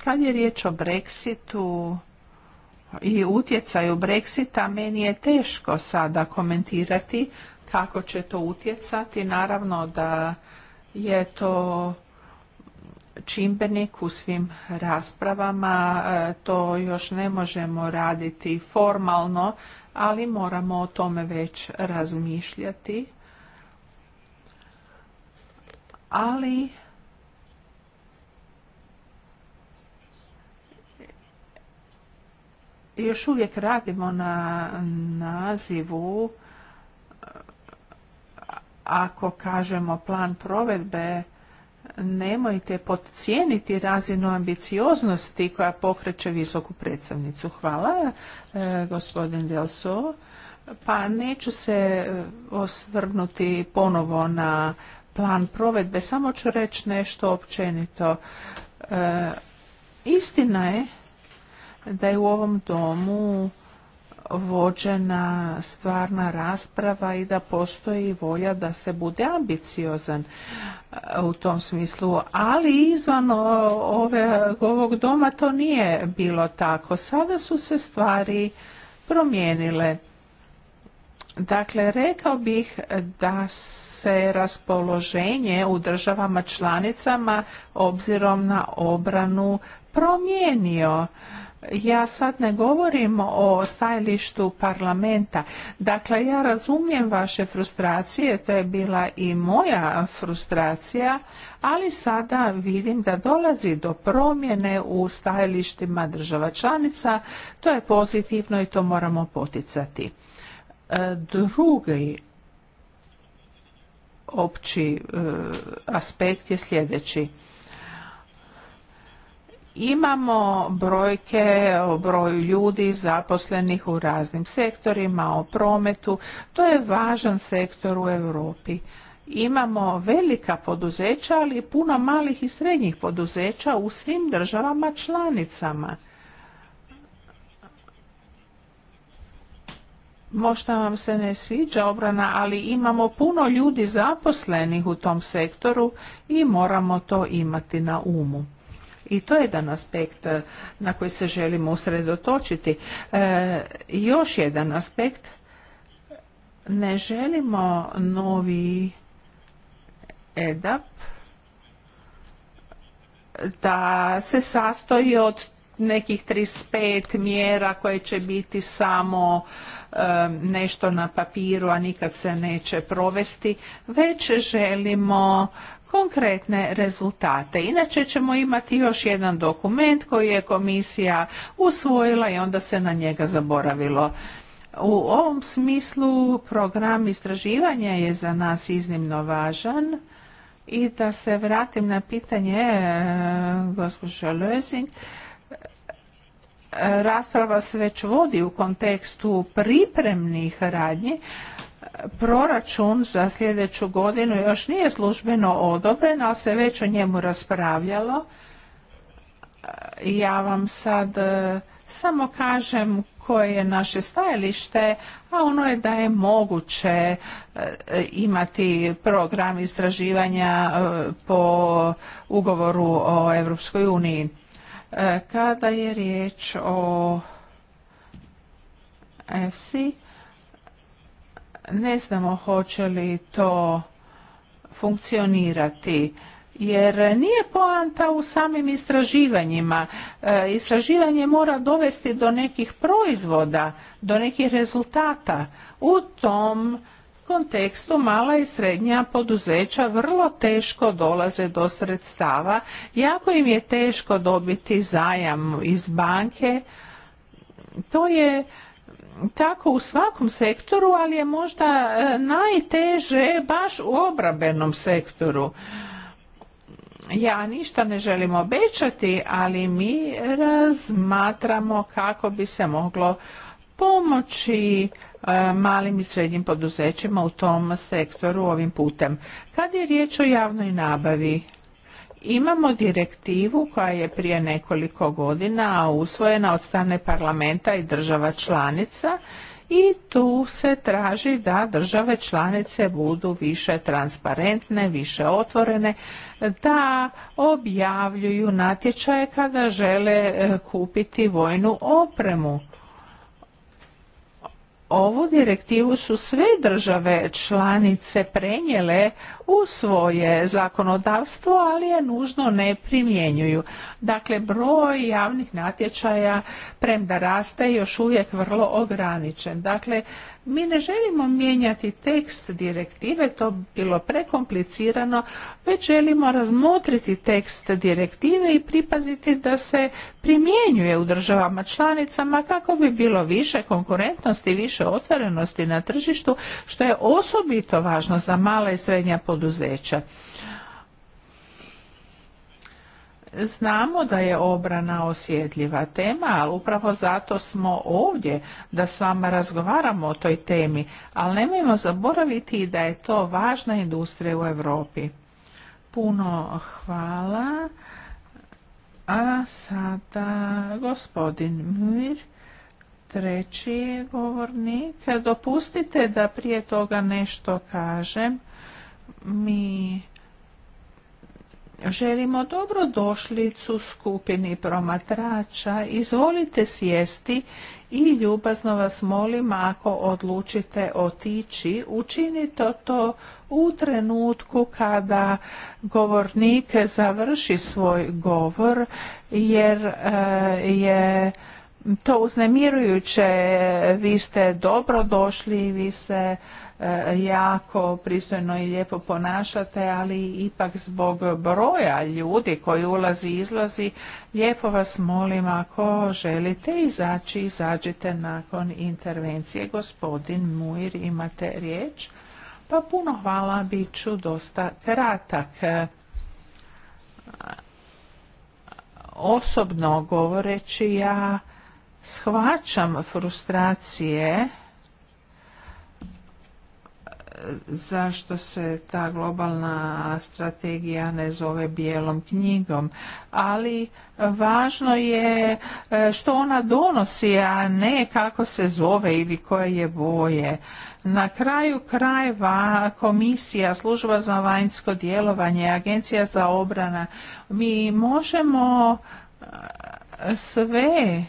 Kad je riječ o Brexitu i utjecaju Brexita, meni je teško sada komentirati kako će to utjecati. Naravno da je to čimbenik u svim raspravama. E, to još ne možemo raditi formalno, ali moramo o tome već razmišljati. Ali još uvijek radimo na nazivu e, ako kažemo plan provedbe nemojte podcijeniti razinu ambicioznosti koja pokreće visoku predstavnicu. Hvala, e, gospodin Delso. Pa neću se e, osvrnuti ponovo na plan provedbe, samo ću reći nešto općenito. E, istina je da je u ovom domu vođena stvarna rasprava i da postoji volja da se bude ambiciozan e, u tom smislu. Ali izvan ove, ovog doma to nije bilo tako. Sada su se stvari promijenile. Dakle, rekao bih da se raspoloženje u državama članicama obzirom na obranu promijenio ja sad ne govorim o stajalištu parlamenta. Dakle, ja razumijem vaše frustracije, to je bila i moja frustracija, ali sada vidim da dolazi do promjene u stajalištima država članica. To je pozitivno i to moramo poticati. E, drugi opći e, aspekt je sljedeći. Imamo brojke o broju ljudi zaposlenih u raznim sektorima, o prometu. To je važan sektor u Europi. Imamo velika poduzeća, ali puno malih i srednjih poduzeća u svim državama članicama. Možda vam se ne sviđa obrana, ali imamo puno ljudi zaposlenih u tom sektoru i moramo to imati na umu. I to je jedan aspekt e, na koji se želimo usredotočiti. E, još jedan aspekt, ne želimo novi EDAP da se sastoji od nekih 35 mjera koje će biti samo e, nešto na papiru, a nikad se neće provesti, već želimo konkretne rezultate. Inače ćemo imati još jedan dokument koji je komisija usvojila i onda se na njega zaboravilo. U ovom smislu program istraživanja je za nas iznimno važan i da se vratim na pitanje e, gospođa Lözing e, rasprava se već vodi u kontekstu pripremnih radnji proračun za sljedeću godinu još nije službeno odobren, ali se već o njemu raspravljalo. Ja vam sad e, samo kažem koje je naše stajalište, a ono je da je moguće e, imati program istraživanja e, po ugovoru o Europskoj uniji. Kada je riječ o EFSI, ne znamo hoće li to funkcionirati jer nije poanta u samim istraživanjima. E, istraživanje mora dovesti do nekih proizvoda, do nekih rezultata. U tom kontekstu mala i srednja poduzeća vrlo teško dolaze do sredstava, jako im je teško dobiti zajam iz banke. To je tako u svakom sektoru, ali je možda e, najteže baš u obrabenom sektoru. Ja ništa ne želim obećati, ali mi razmatramo kako bi se moglo pomoći e, malim i srednjim poduzećima u tom sektoru ovim putem. Kad je riječ o javnoj nabavi, Imamo direktivu koja je prije nekoliko godina usvojena od strane parlamenta i država članica i tu se traži da države članice budu više transparentne, više otvorene, da objavljuju natječaje kada žele e, kupiti vojnu opremu ovu direktivu su sve države članice prenijele u svoje zakonodavstvo, ali je nužno ne primjenjuju. Dakle, broj javnih natječaja premda raste još uvijek vrlo ograničen. Dakle, mi ne želimo mijenjati tekst direktive, to bi bilo prekomplicirano, već želimo razmotriti tekst direktive i pripaziti da se primjenjuje u državama članicama kako bi bilo više konkurentnosti, više otvorenosti na tržištu, što je osobito važno za mala i srednja poduzeća. Znamo da je obrana osjetljiva tema, ali upravo zato smo ovdje da s vama razgovaramo o toj temi, ali nemojmo zaboraviti da je to važna industrija u Europi. Puno hvala. A sada gospodin Mir, treći govornik. Dopustite da prije toga nešto kažem. Mi Želimo dobro došlicu skupini promatrača. Izvolite sjesti i ljubazno vas molim ako odlučite otići, učinite to u trenutku kada govornik završi svoj govor jer e, je to uznemirujuće, vi ste dobro došli, vi ste E, jako pristojno i lijepo ponašate, ali ipak zbog broja ljudi koji ulazi i izlazi, lijepo vas molim ako želite izaći, izađite nakon intervencije. Gospodin Muir, imate riječ? Pa puno hvala, bit ću dosta kratak. E, osobno govoreći ja shvaćam frustracije zašto se ta globalna strategija ne zove bijelom knjigom, ali važno je e, što ona donosi, a ne kako se zove ili koje je boje. Na kraju krajeva komisija, služba za vanjsko djelovanje, agencija za obrana, mi možemo e, sve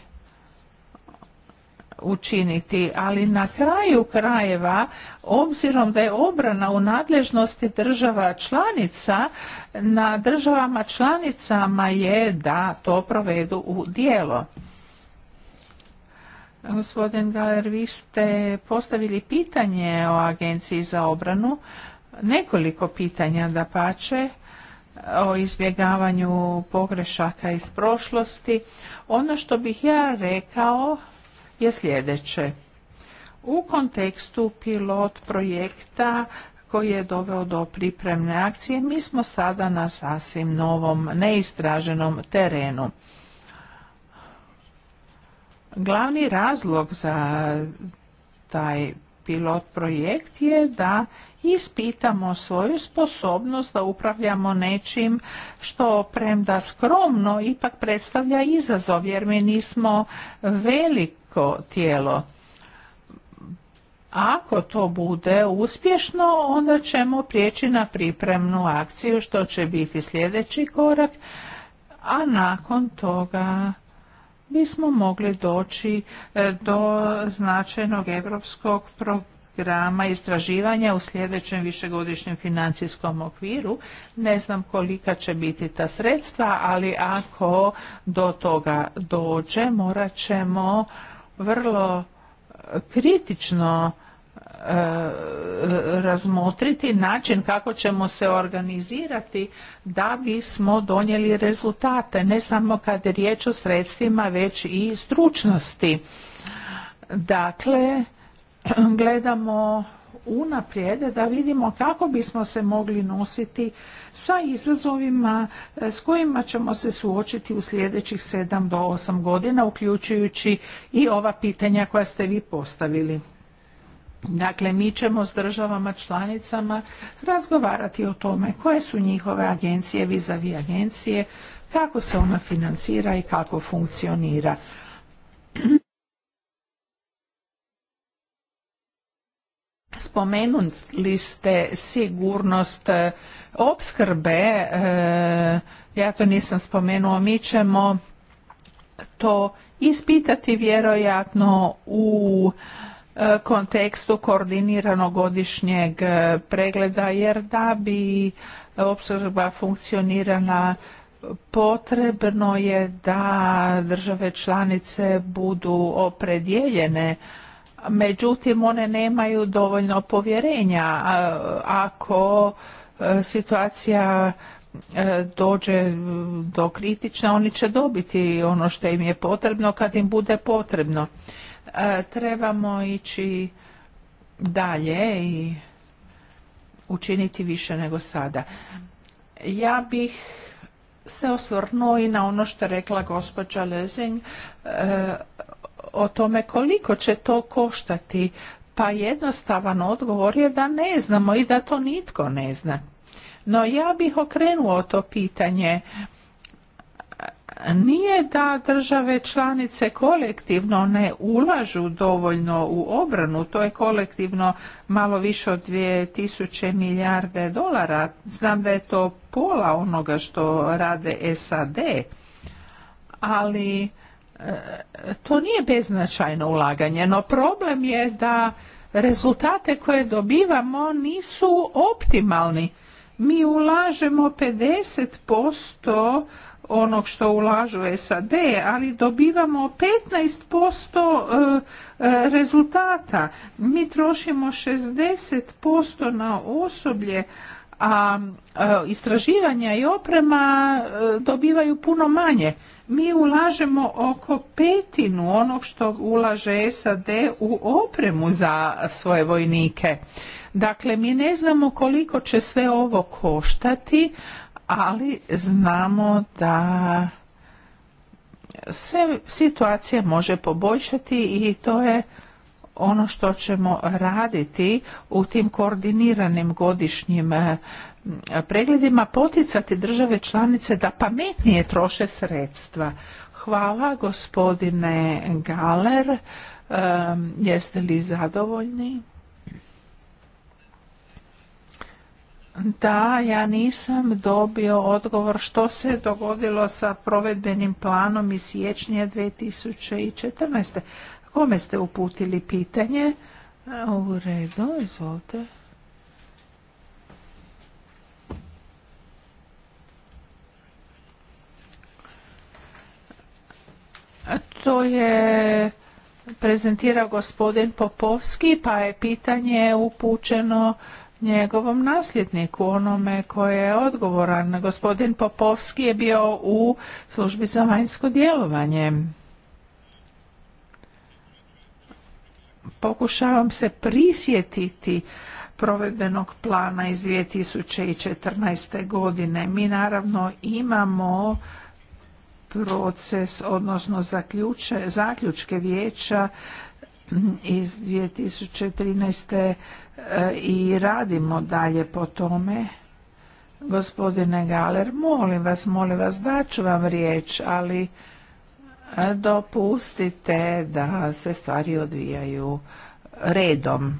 učiniti, ali na kraju krajeva, obzirom da je obrana u nadležnosti država članica, na državama članicama je da to provedu u dijelo. Gospodin Galer, vi ste postavili pitanje o Agenciji za obranu, nekoliko pitanja da pače o izbjegavanju pogrešaka iz prošlosti. Ono što bih ja rekao je sljedeće. U kontekstu pilot projekta koji je doveo do pripremne akcije, mi smo sada na sasvim novom, neistraženom terenu. Glavni razlog za taj pilot projekt je da ispitamo svoju sposobnost da upravljamo nečim što premda skromno ipak predstavlja izazov jer mi nismo velik tijelo. Ako to bude uspješno, onda ćemo prijeći na pripremnu akciju, što će biti sljedeći korak, a nakon toga bismo mogli doći e, do značajnog europskog programa istraživanja u sljedećem višegodišnjem financijskom okviru. Ne znam kolika će biti ta sredstva, ali ako do toga dođe, morat ćemo vrlo e, kritično e, razmotriti način kako ćemo se organizirati da bismo donijeli rezultate, ne samo kad je riječ o sredstvima, već i stručnosti. Dakle, gledamo unaprijed da vidimo kako bismo se mogli nositi sa izazovima e, s kojima ćemo se suočiti u sljedećih sedam do osam godina, uključujući i ova pitanja koja ste vi postavili. Dakle, mi ćemo s državama članicama razgovarati o tome koje su njihove agencije, vis-a-vis agencije, kako se ona financira i kako funkcionira. Spomenuli ste sigurnost e, opskrbe, e, ja to nisam spomenuo, mi ćemo to ispitati vjerojatno u e, kontekstu koordiniranog godišnjeg pregleda jer da bi opskrba funkcionirala potrebno je da države članice budu opredjeljene međutim one nemaju dovoljno povjerenja ako e, situacija e, dođe do kritična oni će dobiti ono što im je potrebno kad im bude potrebno e, trebamo ići dalje i učiniti više nego sada ja bih se osvrnuo i na ono što je rekla gospođa Lezing o tome koliko će to koštati. Pa jednostavan odgovor je da ne znamo i da to nitko ne zna. No ja bih okrenuo to pitanje. Nije da države članice kolektivno ne ulažu dovoljno u obranu, to je kolektivno malo više od 2000 milijarde dolara. Znam da je to pola onoga što rade SAD, ali to nije beznačajno ulaganje, no problem je da rezultate koje dobivamo nisu optimalni. Mi ulažemo 50% onog što ulažu SAD, ali dobivamo 15% e, e, rezultata. Mi trošimo 60% na osoblje, a e, istraživanja i oprema dobivaju puno manje. Mi ulažemo oko petinu onog što ulaže SAD u opremu za svoje vojnike. Dakle, mi ne znamo koliko će sve ovo koštati, ali znamo da se situacija može poboljšati i to je ono što ćemo raditi u tim koordiniranim godišnjim eh, pregledima poticati države članice da pametnije troše sredstva. Hvala gospodine Galer. jeste li zadovoljni? Da, ja nisam dobio odgovor što se dogodilo sa provedbenim planom iz siječnja 2014. Kome ste uputili pitanje? U redu, izvolite. To je prezentirao gospodin Popovski, pa je pitanje upućeno njegovom nasljedniku, onome koje je odgovoran. Gospodin Popovski je bio u službi za vanjsko djelovanje. Pokušavam se prisjetiti provedbenog plana iz 2014. godine. Mi naravno imamo proces, odnosno zaključke vijeća mm, iz 2013. E, i radimo dalje po tome. Gospodine Galer, molim vas, molim vas, daću vam riječ, ali e, dopustite da se stvari odvijaju redom.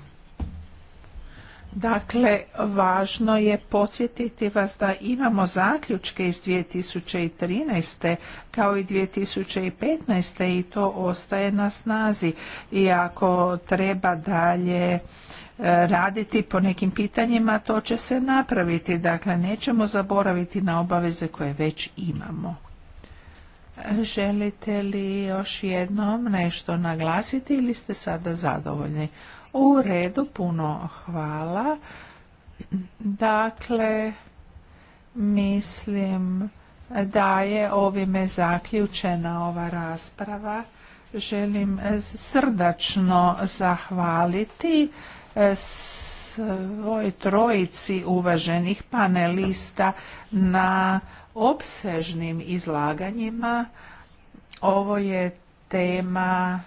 Dakle, važno je podsjetiti vas da imamo zaključke iz 2013. kao i 2015. i to ostaje na snazi. I ako treba dalje e, raditi po nekim pitanjima, to će se napraviti. Dakle, nećemo zaboraviti na obaveze koje već imamo. Želite li još jednom nešto naglasiti ili ste sada zadovoljni? U redu, puno hvala. Dakle, mislim da je ovime zaključena ova rasprava. Želim srdačno zahvaliti svoj trojici uvaženih panelista na opsežnim izlaganjima. Ovo je tema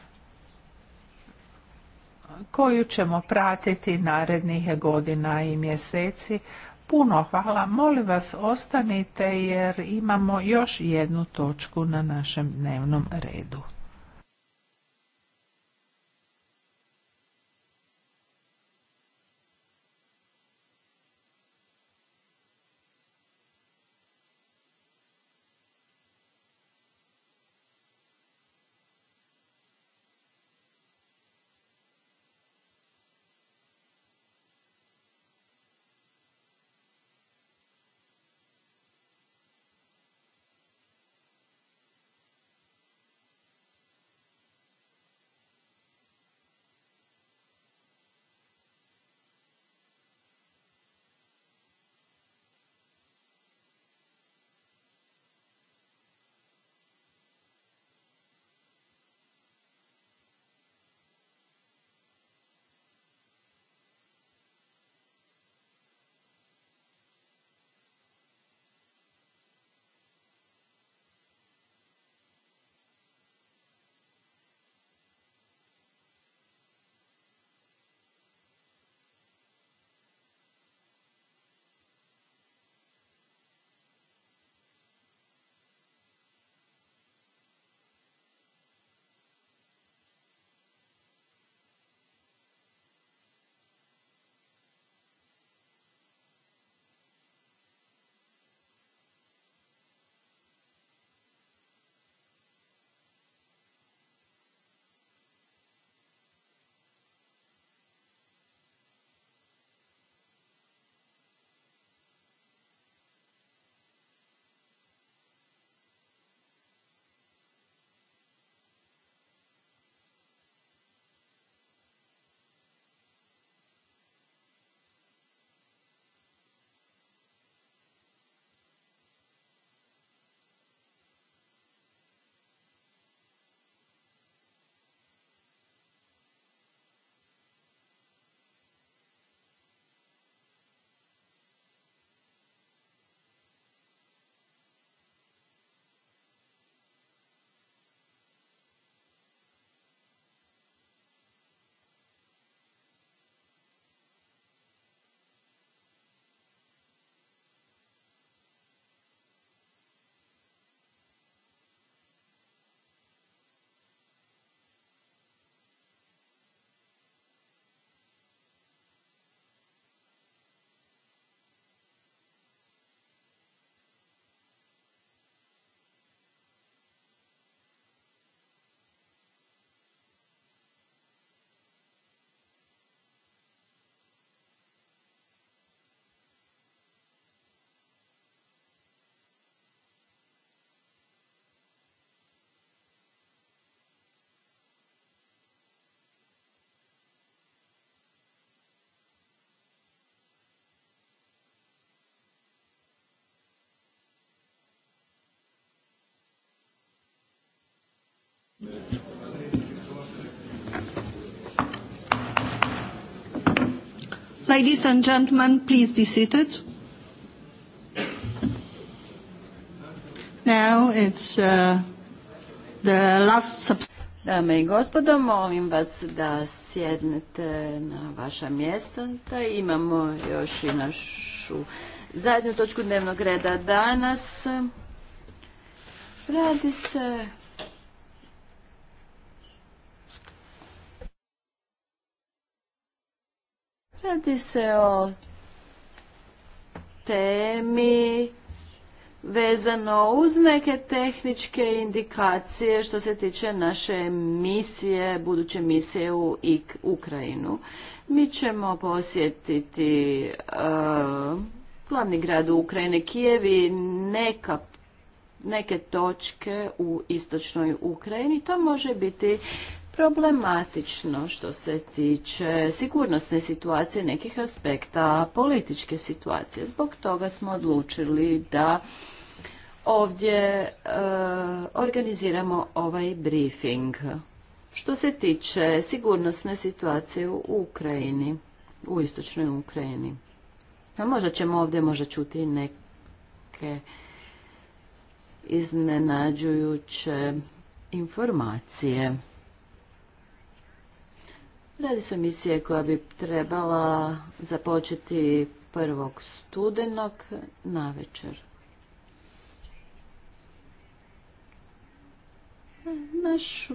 koju ćemo pratiti narednih godina i mjeseci. Puno hvala, molim vas ostanite jer imamo još jednu točku na našem dnevnom redu. Ladies and gentlemen, please be seated. Now it's uh, the last Dame i gospodo, molim vas da sjednete na vaša mjesta. imamo još i našu zadnju točku dnevnog reda danas. Radi se Radi se o temi vezano uz neke tehničke indikacije što se tiče naše misije, buduće misije u Ukrajinu. Mi ćemo posjetiti eh, glavni grad u Ukrajine, Kijevi, neka neke točke u istočnoj Ukrajini. To može biti problematično što se tiče sigurnosne situacije nekih aspekta političke situacije. Zbog toga smo odlučili da ovdje e, organiziramo ovaj briefing što se tiče sigurnosne situacije u Ukrajini, u istočnoj Ukrajini. možda ćemo ovdje možda čuti neke iznenađujuće informacije. Radi se o misije koja bi trebala započeti prvog studenog na večer. Naš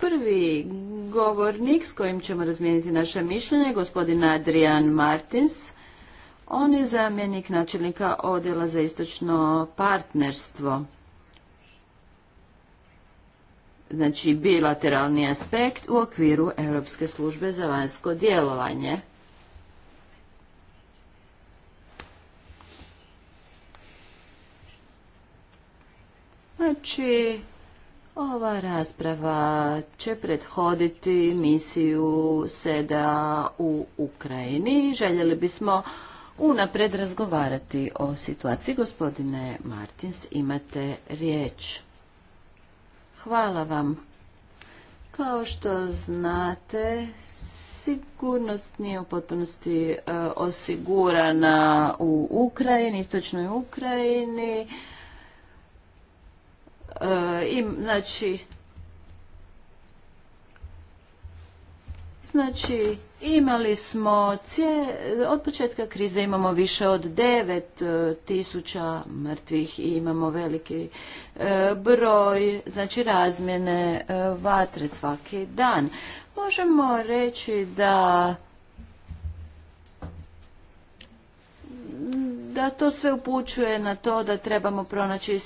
prvi govornik s kojim ćemo razmijeniti naše mišljenje je gospodin Adrian Martins. On je zamjenik načelnika odjela za istočno partnerstvo znači bilateralni aspekt u okviru Europske službe za vanjsko djelovanje. Znači, ova rasprava će prethoditi misiju SEDA u Ukrajini. Željeli bismo unapred razgovarati o situaciji. Gospodine Martins, imate riječ. Hvala vam. Kao što znate, sigurnost nije u potpunosti e, osigurana u Ukrajini, istočnoj Ukrajini. E, znači, znači Imali smo, cije, od početka krize imamo više od 9 e, tisuća mrtvih i imamo veliki e, broj, znači razmjene e, vatre svaki dan. Možemo reći da da to sve upućuje na to da trebamo pronaći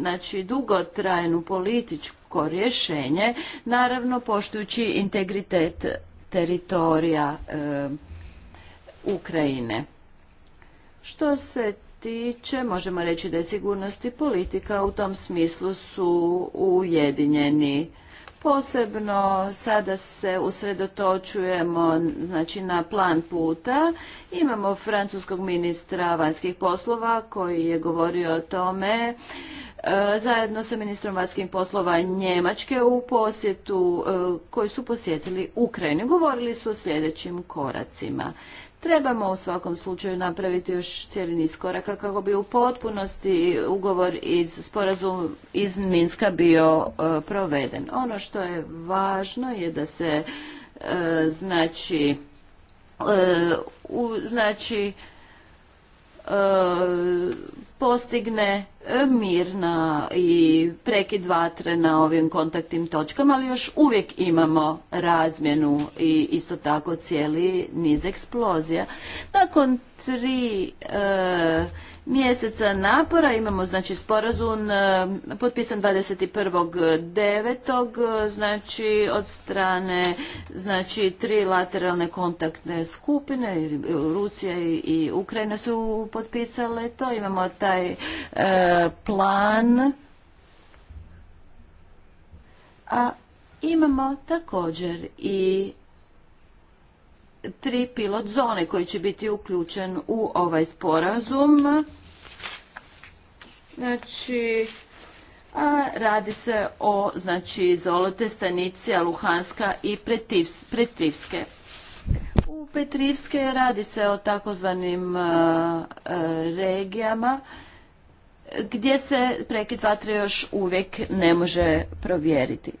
znači, dugotrajnu političko rješenje, naravno poštujući integritet teritorija e, Ukrajine. Što se tiče, možemo reći da je sigurnost i politika u tom smislu su ujedinjeni. Posebno sada se usredotočujemo znači, na plan puta. Imamo francuskog ministra vanjskih poslova koji je govorio o tome E, zajedno sa ministrom vanjskih poslova Njemačke u posjetu e, koji su posjetili Ukrajinu. Govorili su o sljedećim koracima. Trebamo u svakom slučaju napraviti još cijeli niz koraka kako bi u potpunosti ugovor iz sporazum iz Minska bio e, proveden. Ono što je važno je da se znači znači postigne e, mirna i prekid vatre na ovim kontaktnim točkama, ali još uvijek imamo razmjenu i isto tako cijeli niz eksplozija. Nakon tri e, mjeseca napora. Imamo znači sporazum e, potpisan 21.9. E, znači od strane znači tri lateralne kontaktne skupine Rusija i Ukrajina su potpisale to. Imamo taj e, plan. A imamo također i tri pilot zone koji će biti uključen u ovaj sporazum. Znači, a radi se o znači, Zolote, Stanicija, Luhanska i Petrivske. U Petrivske radi se o takozvanim regijama gdje se prekid vatre još uvijek ne može provjeriti.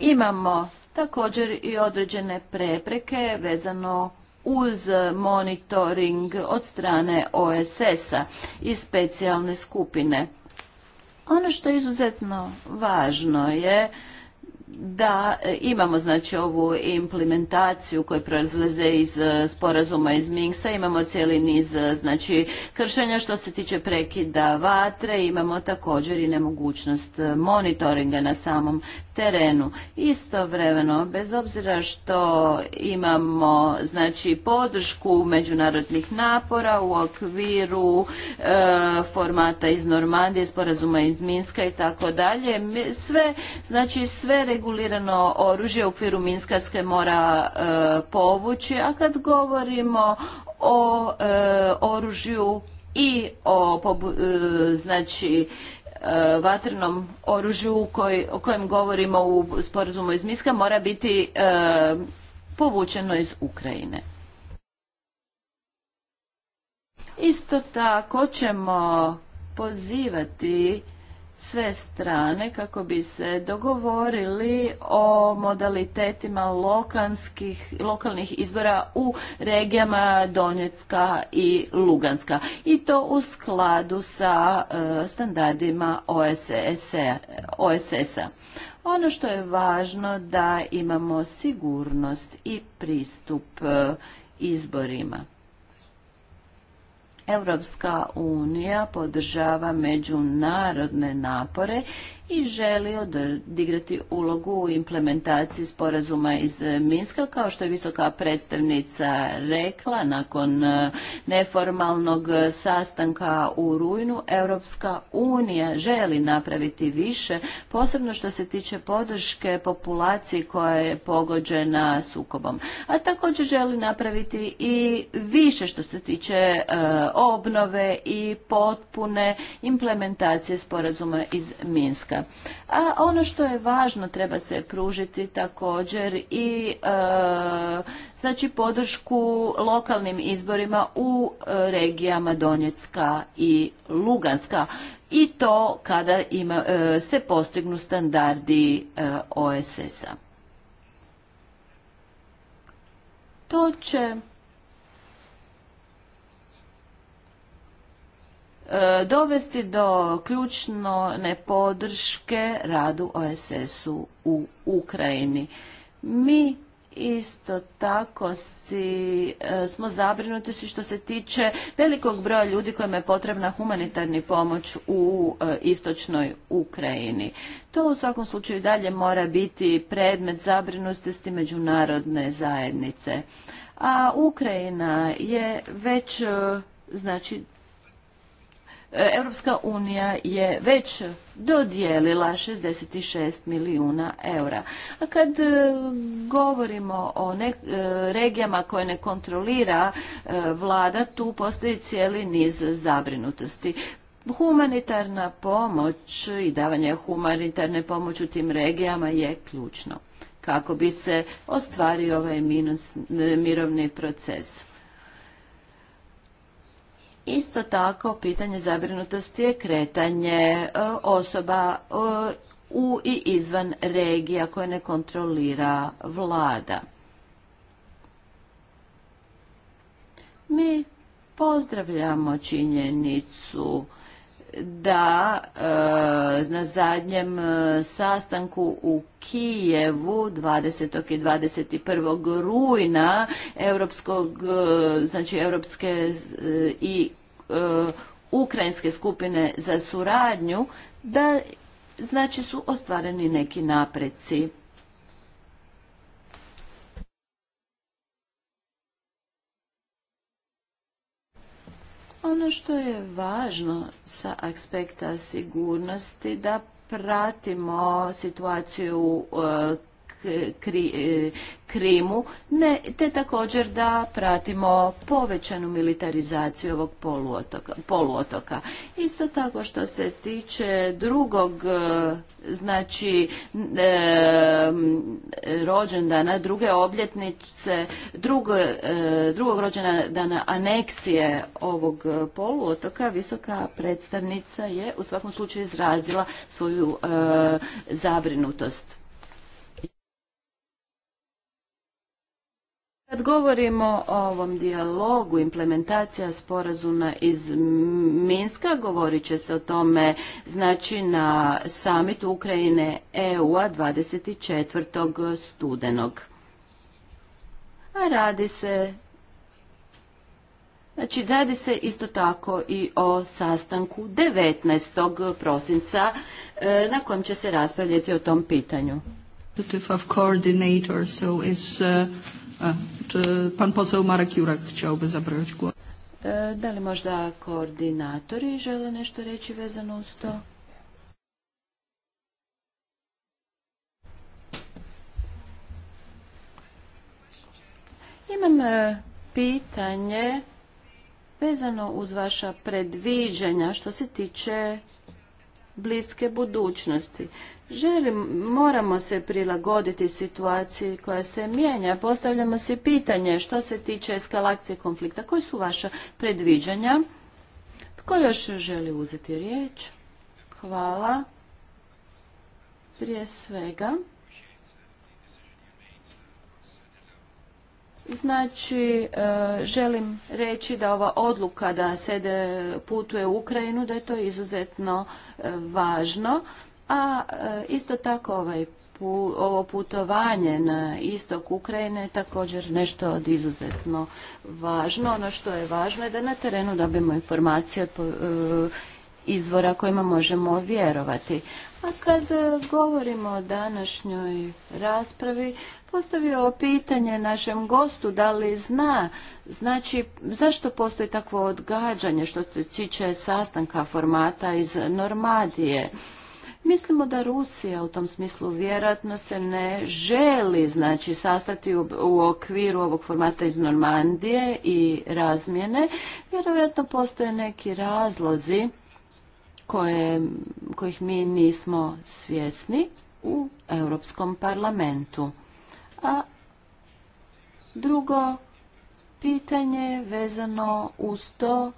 Imamo također i određene prepreke vezano uz monitoring od strane OSS-a i specijalne skupine. Ono što je izuzetno važno je da e, imamo znači ovu implementaciju koja proizlaze iz e, sporazuma iz Minska imamo cijeli niz e, znači kršenja što se tiče prekida vatre, imamo također i nemogućnost monitoringa na samom terenu. Istovremeno, bez obzira što imamo znači podršku međunarodnih napora u okviru formata iz Normandije, sporazuma iz Minska i tako dalje, sve znači sve regulirano oružje u okviru Minska se mora e, povući, a kad govorimo o e, oružju i o e, znači vatrenom oružju o kojem govorimo u sporazumu iz Minska mora biti povučeno iz Ukrajine. Isto tako ćemo pozivati sve strane kako bi se dogovorili o modalitetima lokalnih izbora u regijama Donjecka i Luganska i to u skladu sa e, standardima OSS-a. ono što je važno da imamo sigurnost i pristup e, izborima. Europska unija podržava međunarodne napore i želi odigrati ulogu u implementaciji sporazuma iz Minska, kao što je visoka predstavnica rekla nakon e, neformalnog sastanka u Rujnu. Europska unija želi napraviti više, posebno što se tiče podrške populaciji koja je pogođena sukobom. A također želi napraviti i više što se tiče e, obnove i potpune implementacije sporazuma iz Minska. A ono što je važno treba se pružiti također i e, znači podršku lokalnim izborima u e, regijama Donjecka i Luganska i to kada ima, e, se postignu standardi e, OSS-a. To će E, dovesti do ključno nepodrške radu OSS-u u Ukrajini. Mi isto tako si, e, smo zabrinuti što se tiče velikog broja ljudi kojima je potrebna humanitarni pomoć u e, istočnoj Ukrajini. To u svakom slučaju dalje mora biti predmet zabrinutosti međunarodne zajednice. A Ukrajina je već znači Europska unija je već dodijelila 66 milijuna eura. A kad e, govorimo o e, regijama koje ne kontrolira e, vlada, tu postoji cijeli niz zabrinutosti humanitarna pomoć i davanje humanitarne pomoći u tim regijama je ključno kako bi se ostvario ovaj mirovni proces. Isto tako, pitanje zabrinutosti je kretanje e, osoba e, u i izvan regija koje ne kontrolira vlada. Mi pozdravljamo činjenicu da e, na zadnjem sastanku u Kijevu 20. i 21. rujna europskog znači, europske i E, ukrajinske skupine za suradnju, da znači su ostvareni neki napreci. Ono što je važno sa aspekta sigurnosti da pratimo situaciju e, E, e, krimu, ne, te također da pratimo povećanu militarizaciju ovog poluotoka, poluotoka. Isto tako što se tiče drugog, e, znači e, rođendana, druge obljetnice, drugog e, drugog rođendana aneksije ovog poluotoka, visoka predstavnica je u svakom slučaju izrazila svoju zabrinutost. Kad govorimo o ovom dijalogu, implementacija sporazuma iz Minska, govorit će se o tome znači na samitu Ukrajine EU-a 24. studenog. A radi se Znači, radi se isto tako i o sastanku 19. prosinca e, na kojem će se raspravljati o tom pitanju czy pan poseł Marek Jurek chciałby zabrać e, da li možda koordinatori žele nešto reći vezano uz to? Imam e, pitanje vezano uz vaša predviđanja što se tiče bliske budućnosti. Želim, moramo se prilagoditi situaciji koja se mijenja. Postavljamo si pitanje što se tiče eskalacije konflikta. Koji su vaša predviđanja? Tko još želi uzeti riječ? Hvala. Prije svega. Znači, e, želim reći da ova odluka da se putuje u Ukrajinu, da je to izuzetno e, važno a e, isto tako ovaj ovo putovanje na istok Ukrajine je također nešto od izuzetno važno. Ono što je važno je da na terenu dobijemo informacije od e, izvora kojima možemo vjerovati. A kad e, govorimo o današnjoj raspravi, postavio pitanje našem gostu da li zna znači zašto postoji takvo odgađanje što se tiče sastanka formata iz Normadije. Mislimo da Rusija u tom smislu vjerojatno se ne želi znači sastati u, okviru ovog formata iz Normandije i razmjene. Vjerojatno postoje neki razlozi kojih mi nismo svjesni u Europskom parlamentu. A drugo pitanje vezano uz to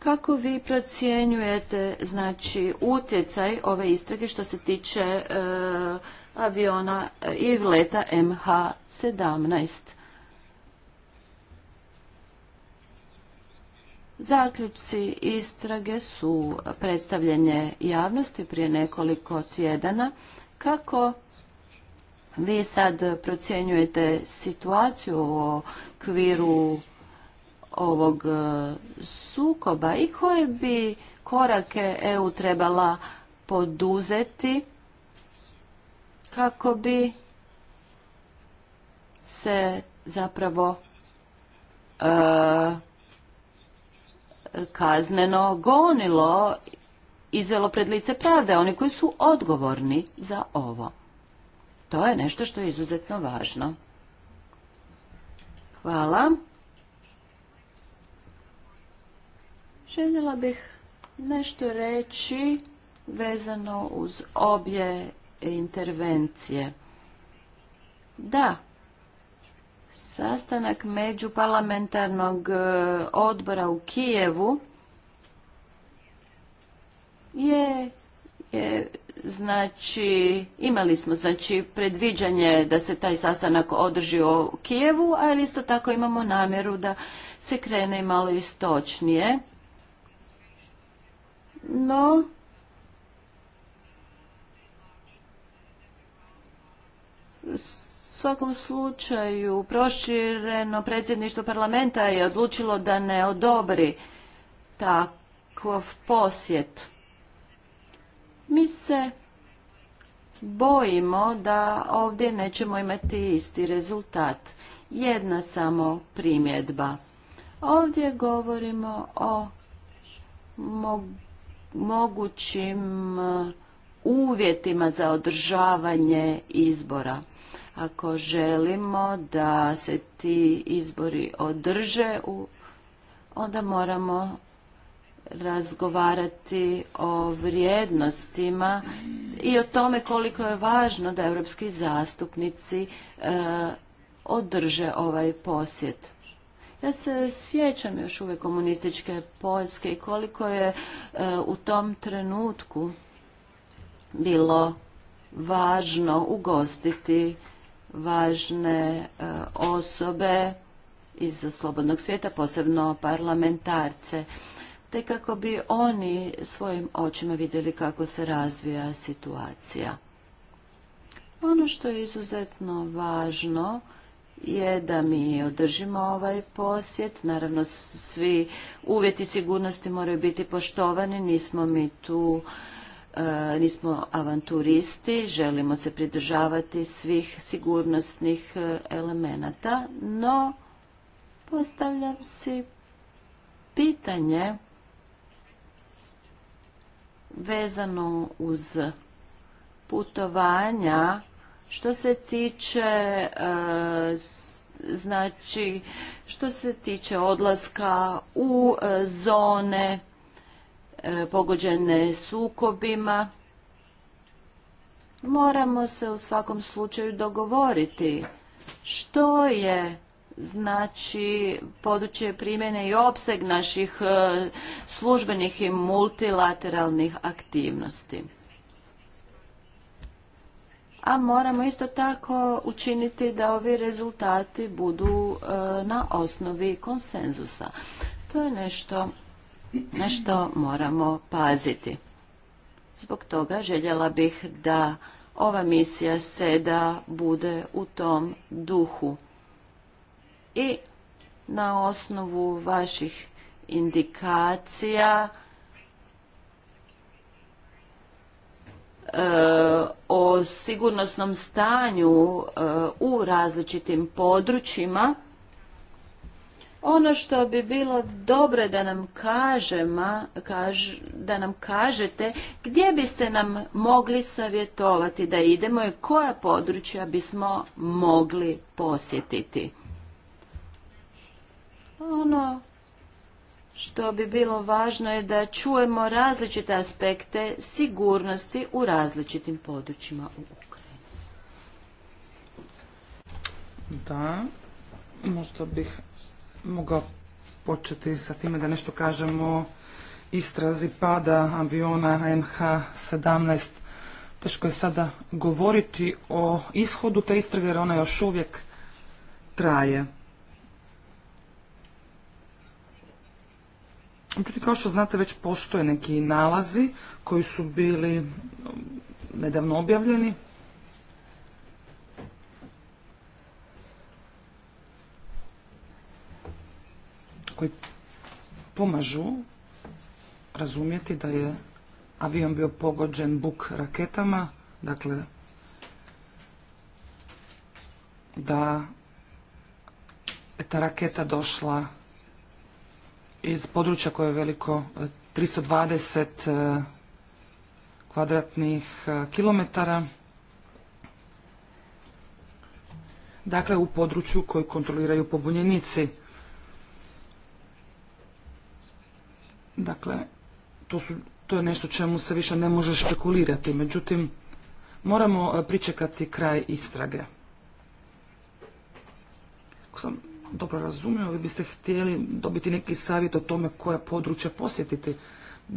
kako vi procjenjujete znači utjecaj ove istrage što se tiče e, aviona i leta MH17? Zaključci istrage su predstavljanje javnosti prije nekoliko tjedana. Kako vi sad procjenjujete situaciju u okviru ovog e, sukoba i koje bi korake EU trebala poduzeti kako bi se zapravo e, kazneno gonilo izvelo pred lice pravde, oni koji su odgovorni za ovo. To je nešto što je izuzetno važno. Hvala. Željela bih nešto reći vezano uz obje intervencije. Da, sastanak međuparlamentarnog e, odbora u Kijevu je, je znači imali smo znači predviđanje da se taj sastanak održi u Kijevu, ali isto tako imamo namjeru da se krene malo istočnije no, u svakom slučaju prošireno predsjedništvo parlamenta je odlučilo da ne odobri takov posjet. Mi se bojimo da ovdje nećemo imati isti rezultat. Jedna samo primjedba. Ovdje govorimo o mogućnosti mogućim e, uvjetima za održavanje izbora. Ako želimo da se ti izbori održe, onda moramo razgovarati o vrijednostima i o tome koliko je važno da europski zastupnici e, održe ovaj posjet. Ja se sjećam još uvijek komunističke Poljske i koliko je e, u tom trenutku bilo važno ugostiti važne e, osobe iz slobodnog svijeta, posebno parlamentarce, te kako bi oni svojim očima vidjeli kako se razvija situacija. Ono što je izuzetno važno je da mi održimo ovaj posjet. Naravno, svi uvjeti sigurnosti moraju biti poštovani, nismo mi tu e, nismo avanturisti, želimo se pridržavati svih sigurnosnih e, elemenata, no postavljam si pitanje vezano uz putovanja što se tiče e, znači što se tiče odlaska u e, zone e, pogođene sukobima moramo se u svakom slučaju dogovoriti što je znači područje primjene i opseg naših službenih i multilateralnih aktivnosti a moramo isto tako učiniti da ovi rezultati budu e, na osnovi konsenzusa. To je nešto na što moramo paziti. Zbog toga željela bih da ova misija SEDA bude u tom duhu. I na osnovu vaših indikacija E, o sigurnosnom stanju e, u različitim područjima. Ono što bi bilo dobro da nam da nam kažete gdje biste nam mogli savjetovati da idemo i koja područja bismo mogli posjetiti. Ono što bi bilo važno je da čujemo različite aspekte sigurnosti u različitim područjima u Ukrajini. Da, možda bih mogao početi sa time da nešto kažemo istrazi pada aviona MH17. Teško je sada govoriti o ishodu te istrage jer ona još uvijek traje. Međutim, kao što znate, već postoje neki nalazi koji su bili um, nedavno objavljeni. koji pomažu razumjeti da je avion bio pogođen buk raketama, dakle da je ta raketa došla iz područja koje je veliko 320 e, e, kvadratnih e, kilometara. Dakle, u području koju kontroliraju pobunjenici. Dakle, to, je nešto čemu se više ne može špekulirati. Međutim, moramo pričekati kraj istrage. Ako sam dobro razumio, vi biste htjeli dobiti neki savjet o tome koja područja posjetiti.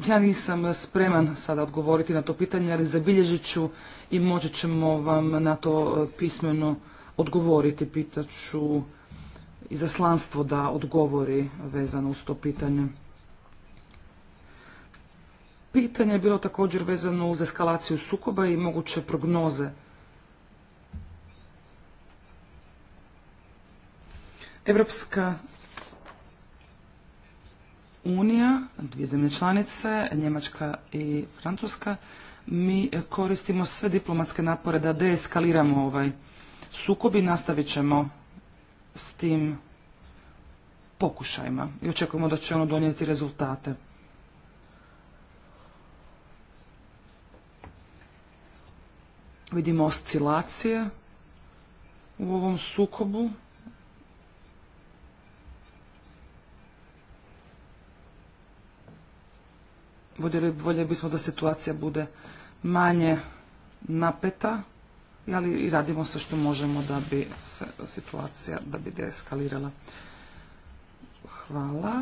Ja nisam spreman sada odgovoriti na to pitanje, ali zabilježit ću i moći ćemo vam na to e, pismeno odgovoriti. Pitaću izaslanstvo da odgovori vezano uz to pitanje. Pitanje je bilo također vezano uz eskalaciju sukoba i moguće prognoze Evropska unija, dvije zemlje članice, Njemačka i Francuska, mi koristimo sve diplomatske napore da deeskaliramo ovaj sukob i nastavit ćemo s tim pokušajima i očekujemo da će ono donijeti rezultate. Vidimo oscilacije u ovom sukobu. voljeli bismo da situacija bude manje napeta, ali i radimo sve što možemo da bi se situacija, da bi deeskalirala. Hvala.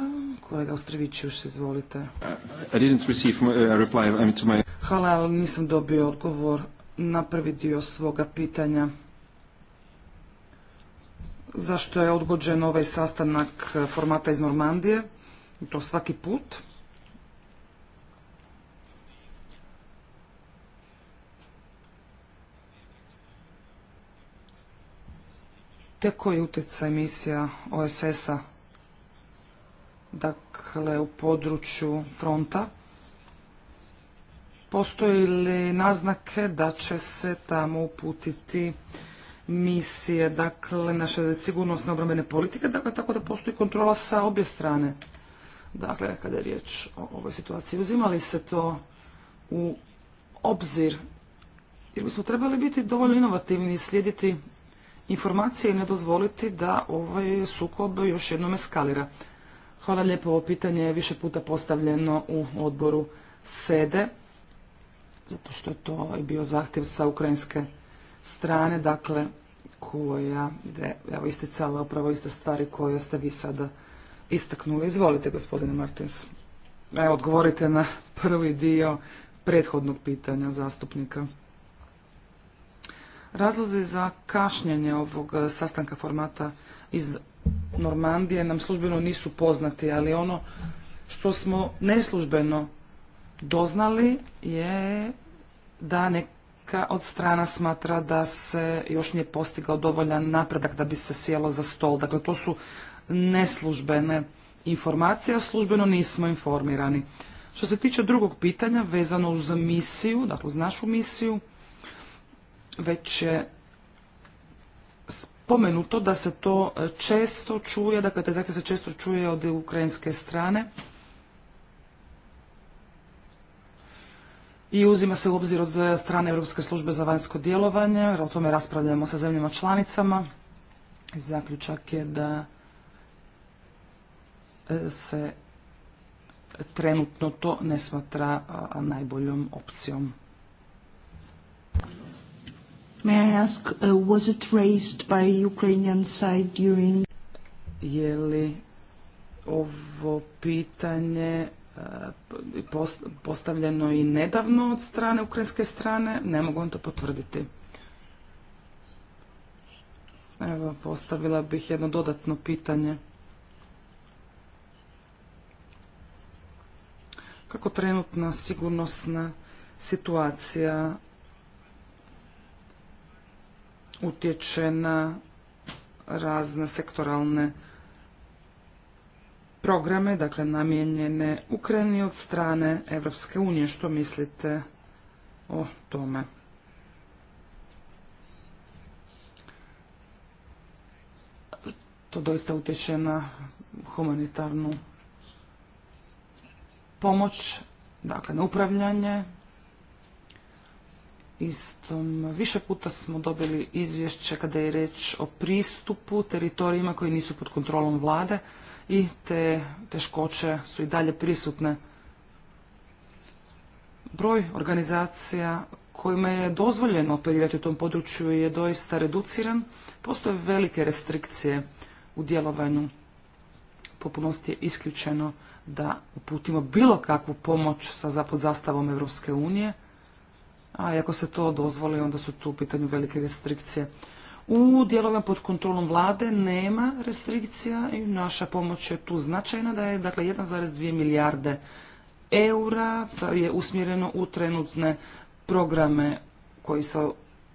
Kolega Ostrevićius, izvolite. Hvala, ali nisam dobio odgovor na prvi dio svoga pitanja. Zašto je odgođen ovaj sastanak formata iz Normandije? To svaki put. te koji je utjecaj misija OSS-a dakle u području fronta. Postoji li naznake da će se tamo uputiti misije, dakle naše sigurnosne obrambene politike, dakle tako da postoji kontrola sa obje strane. Dakle, kada je riječ o ovoj situaciji, uzimali se to u obzir jer bismo trebali biti dovoljno inovativni i slijediti informacije i ne dozvoliti da ovaj sukob još jednom eskalira. Hvala lijepo, ovo pitanje je više puta postavljeno u odboru SEDE, zato što je to bio zahtjev sa ukrajinske strane, dakle, koja je evo, isticala upravo iste stvari koje ste vi sada istaknuli. Izvolite, gospodine Martins. Evo, odgovorite na prvi dio prethodnog pitanja zastupnika. Razlozi za kašnjenje ovog e, sastanka formata iz Normandije nam službeno nisu poznati, ali ono što smo neslužbeno doznali je da neka od strana smatra da se još nije postigao dovoljan napredak da bi se sjelo za stol. Dakle, to su neslužbene informacije, a službeno nismo informirani. Što se tiče drugog pitanja vezano uz misiju, dakle uz našu misiju, već je spomenuto da se to e, često čuje, dakle taj zahtjev se često čuje od ukrajinske strane i uzima se u obzir od e, strane Europske službe za vanjsko djelovanje, jer o tome raspravljamo sa zemljama članicama. Zaključak je da e, se trenutno to ne smatra najboljom opcijom. May I ask, uh, was it raised by Ukrainian side during... Je li ovo pitanje uh, postavljeno i nedavno od strane ukrajinske strane? Ne mogu vam to potvrditi. Evo, postavila bih jedno dodatno pitanje. Kako trenutna sigurnosna situacija utječe na razne sektoralne programe, dakle namijenjene Ukrajini od strane Evropske unije. Što mislite o tome? To doista utječe na humanitarnu pomoć, dakle na upravljanje istom. Više puta smo dobili izvješće kada je reč o pristupu teritorijima koji nisu pod kontrolom vlade i te teškoće su i dalje prisutne. Broj organizacija kojima je dozvoljeno operirati u tom području je doista reduciran. Postoje velike restrikcije u djelovanju. Popunosti je isključeno da uputimo bilo kakvu pomoć sa zapod zastavom Europske unije a ako se to dozvoli onda su tu u pitanju velike restrikcije. U dijelovima pod kontrolom vlade nema restrikcija i naša pomoć je tu značajna da je dakle 1,2 milijarde eura je usmjereno u trenutne programe koji se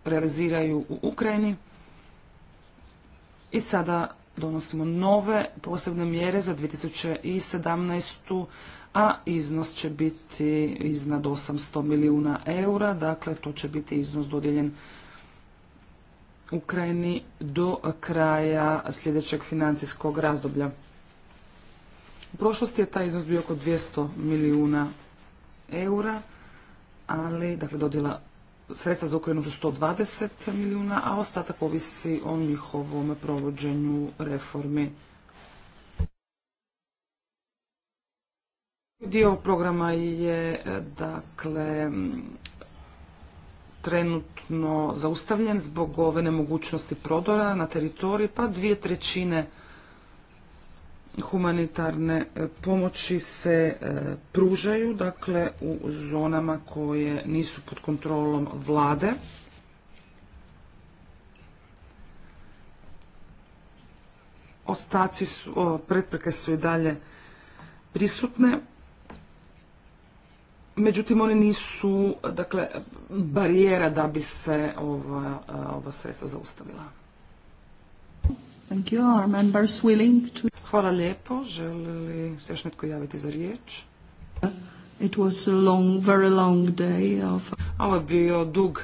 realiziraju u Ukrajini. I sada donosimo nove posebne mjere za 2017 a iznos će biti iznad 800 milijuna eura, dakle to će biti iznos dodijeljen Ukrajini do kraja sljedećeg financijskog razdoblja. U prošlosti je taj iznos bio oko 200 milijuna eura, ali dakle dodjela sredstva za Ukrajinu su 120 milijuna, a ostatak ovisi o njihovom provođenju reformi. Dio programa je e, dakle trenutno zaustavljen zbog ove nemogućnosti prodora na teritoriji, pa dvije trećine humanitarne e, pomoći se e, pružaju dakle u zonama koje nisu pod kontrolom vlade. Ostaci su, prepreke su i dalje prisutne. Međutim, oni nisu dakle, barijera da bi se ova, ova sredstva zaustavila. Thank you. Are members willing to... Hvala lijepo. Želi li se još netko javiti za riječ? It was a long, very long day of... Ovo je bio dug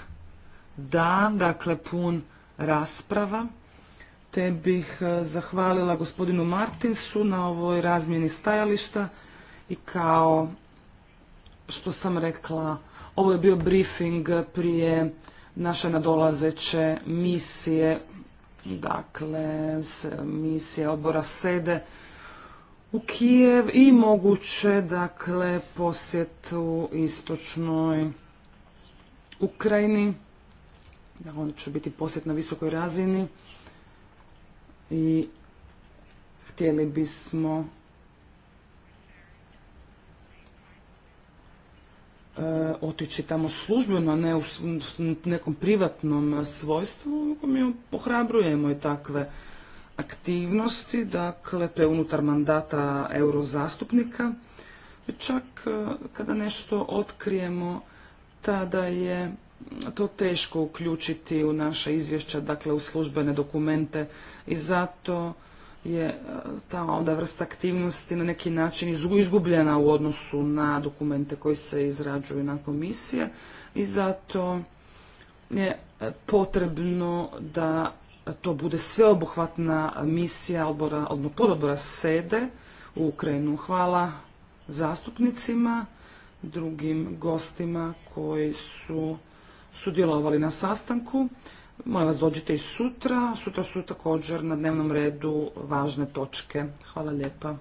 dan, dakle pun rasprava. Te bih e, zahvalila gospodinu Martinsu na ovoj razmjeni stajališta i kao što sam rekla, ovo je bio briefing prije naše nadolazeće misije, dakle misije odbora sede u Kijev i moguće dakle posjet u istočnoj Ukrajini. On će biti posjet na visokoj razini i htjeli bismo E, otići tamo službeno, a ne u nekom privatnom svojstvu, mi pohrabrujemo i takve aktivnosti, dakle, to je unutar mandata eurozastupnika. Čak e, kada nešto otkrijemo, tada je to teško uključiti u naša izvješća, dakle u službene dokumente i zato je e, ta onda vrsta aktivnosti na neki način izgubljena u odnosu na dokumente koji se izrađuju na komisije i zato je potrebno da to bude sveobuhvatna misija odbora, odbora, pododbora SEDE u Ukrajinu. Hvala zastupnicima, drugim gostima koji su sudjelovali na sastanku. Molim vas dođite i sutra. Sutra su također na dnevnom redu važne točke. Hvala lijepa.